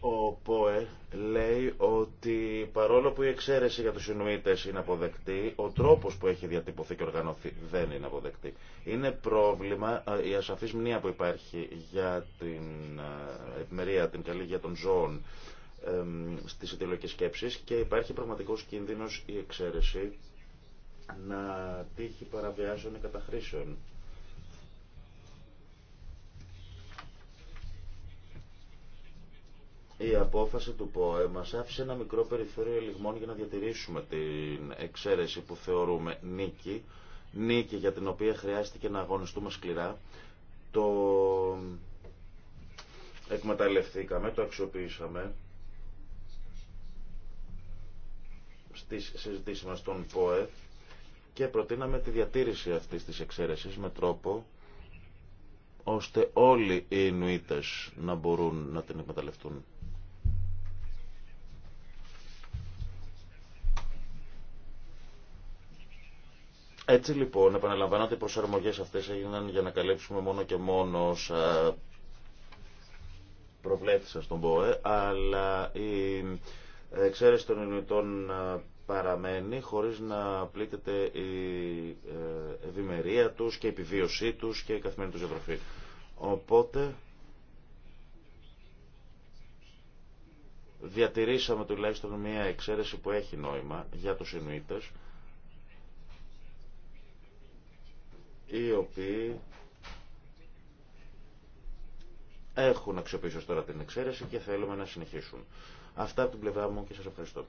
Speaker 1: Ο ΠΟΕ λέει ότι παρόλο που η εξαίρεση για τους Ινουίτες είναι αποδεκτή, ο τρόπος που έχει διατυπωθεί και οργανωθεί δεν είναι αποδεκτή. Είναι πρόβλημα ε, η ασαφής μνήμα που υπάρχει για την ε, επιμερία, την καλή για των ζώων στις ιδεολογικές σκέψεις και υπάρχει πραγματικός κίνδυνος η εξαίρεση να τύχει παραβιάσεων και καταχρήσεων Η απόφαση του ΠΟΕ μα άφησε ένα μικρό περιθώριο ελιγμών για να διατηρήσουμε την εξαίρεση που θεωρούμε νίκη, νίκη για την οποία χρειάστηκε να αγωνιστούμε σκληρά. Το εκμεταλλευθήκαμε, το αξιοποιήσαμε στις συζητήσεις μας των ΠΟΕ και προτείναμε τη διατήρηση αυτής της εξαίρεσης με τρόπο ώστε όλοι οι Ινουίτες να μπορούν να την εκμεταλλευτούν. Έτσι λοιπόν, επαναλαμβάνω ότι οι προσαρμογές αυτές έγιναν για να καλύψουμε μόνο και μόνο όσα στον ΠΟΕ, αλλά η εξαίρεση των ε, παραμένει χωρίς να πλήττεται η ε, ευημερία τους και η επιβίωσή τους και η καθημερινή τους διατροφή. Οπότε διατηρήσαμε τουλάχιστον μια εξαίρεση που έχει νόημα για τους Ινουίτες οι οποίοι έχουν αξιοποιήσει ως τώρα την εξαίρεση και θέλουμε να συνεχίσουν. Αυτά από την πλευρά μου και σας ευχαριστώ.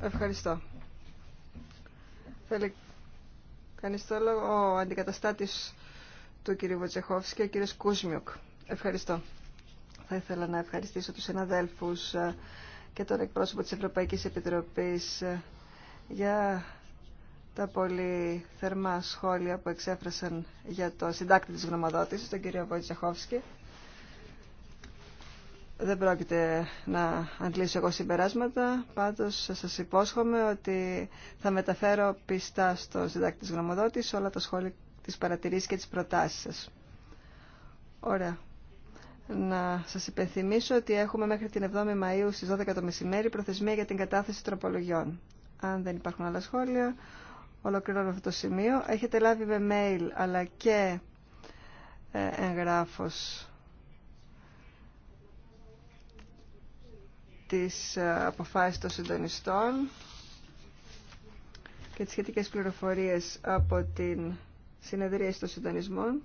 Speaker 2: Ευχαριστώ. Θέλει κανείς το λόγο, ο αντικαταστάτης του κ. και ο κ. Κούσμιουκ. Ευχαριστώ. Θα ήθελα να ευχαριστήσω τους συναδέλφους ε, και τον εκπρόσωπο της Ευρωπαϊκής Επιτροπής ε, για τα πολύ θερμά σχόλια που εξέφρασαν για το συντάκτη της γνωμοδότησης, τον κύριο Βοητσεχόφσκι. Δεν πρόκειται να αντλήσω εγώ συμπεράσματα, πάντως σας υπόσχομαι ότι θα μεταφέρω πιστά στο συντάκτη της γνωμοδότησης όλα τα σχόλια της παρατηρήσεις και της προτάσεις σας. Ωραία. Να σας υπενθυμίσω ότι έχουμε μέχρι την 7η Μαΐου στις 12 το μεσημέρι προθεσμία για την κατάθεση τροπολογιών. Αν δεν υπάρχουν άλλα σχόλια, ολοκληρώνω αυτό το σημείο. Έχετε λάβει με mail αλλά και ε, εγγράφος της ε, αποφάσης των συντονιστών και τις σχετικές πληροφορίες από την συνεδρία των συντονισμών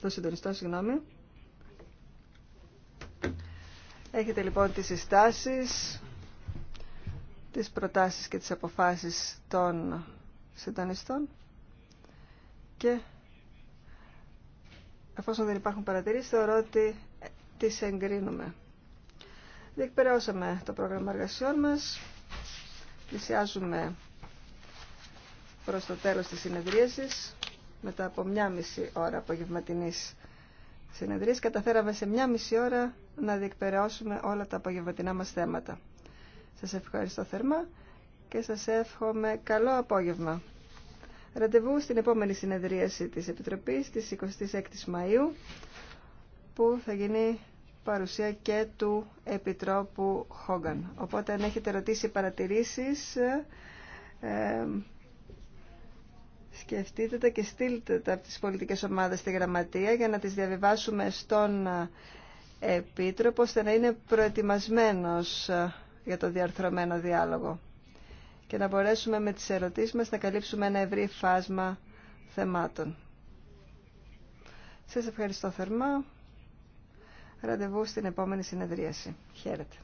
Speaker 2: των συντονιστών, συγγνώμη. Έχετε λοιπόν τις συστάσεις τις προτάσεις και τις αποφάσεις των συντονιστών και εφόσον δεν υπάρχουν παρατηρήσεις θεωρώ ότι τις εγκρίνουμε. Διεκπαιρεώσαμε το πρόγραμμα εργασιών μας, πλησιάζουμε προς το τέλος της συνεδρίασης μετά από μια μισή ώρα απογευματινής συνεδρίας καταφέραμε σε μια μισή ώρα να διεκπαιρεώσουμε όλα τα απογευματινά μας θέματα. Σας ευχαριστώ θερμά και σας εύχομαι καλό απόγευμα. Ραντεβού στην επόμενη συνεδρίαση της Επιτροπής της 26 Μαΐου που θα γίνει παρουσία και του Επιτρόπου Χόγκαν. Οπότε αν έχετε ρωτήσει παρατηρήσεις ε, σκεφτείτε τα και στείλτε τα από τις πολιτικές ομάδες στη Γραμματεία για να τις διαβιβάσουμε στον ε, Επίτροπο ώστε να είναι προετοιμασμένος ε, για το διαρθρωμένο διάλογο και να μπορέσουμε με τις ερωτήσεις μας να καλύψουμε ένα ευρύ φάσμα θεμάτων. Σας ευχαριστώ θερμά. Ραντεβού στην επόμενη συνεδρίαση. Χαίρετε.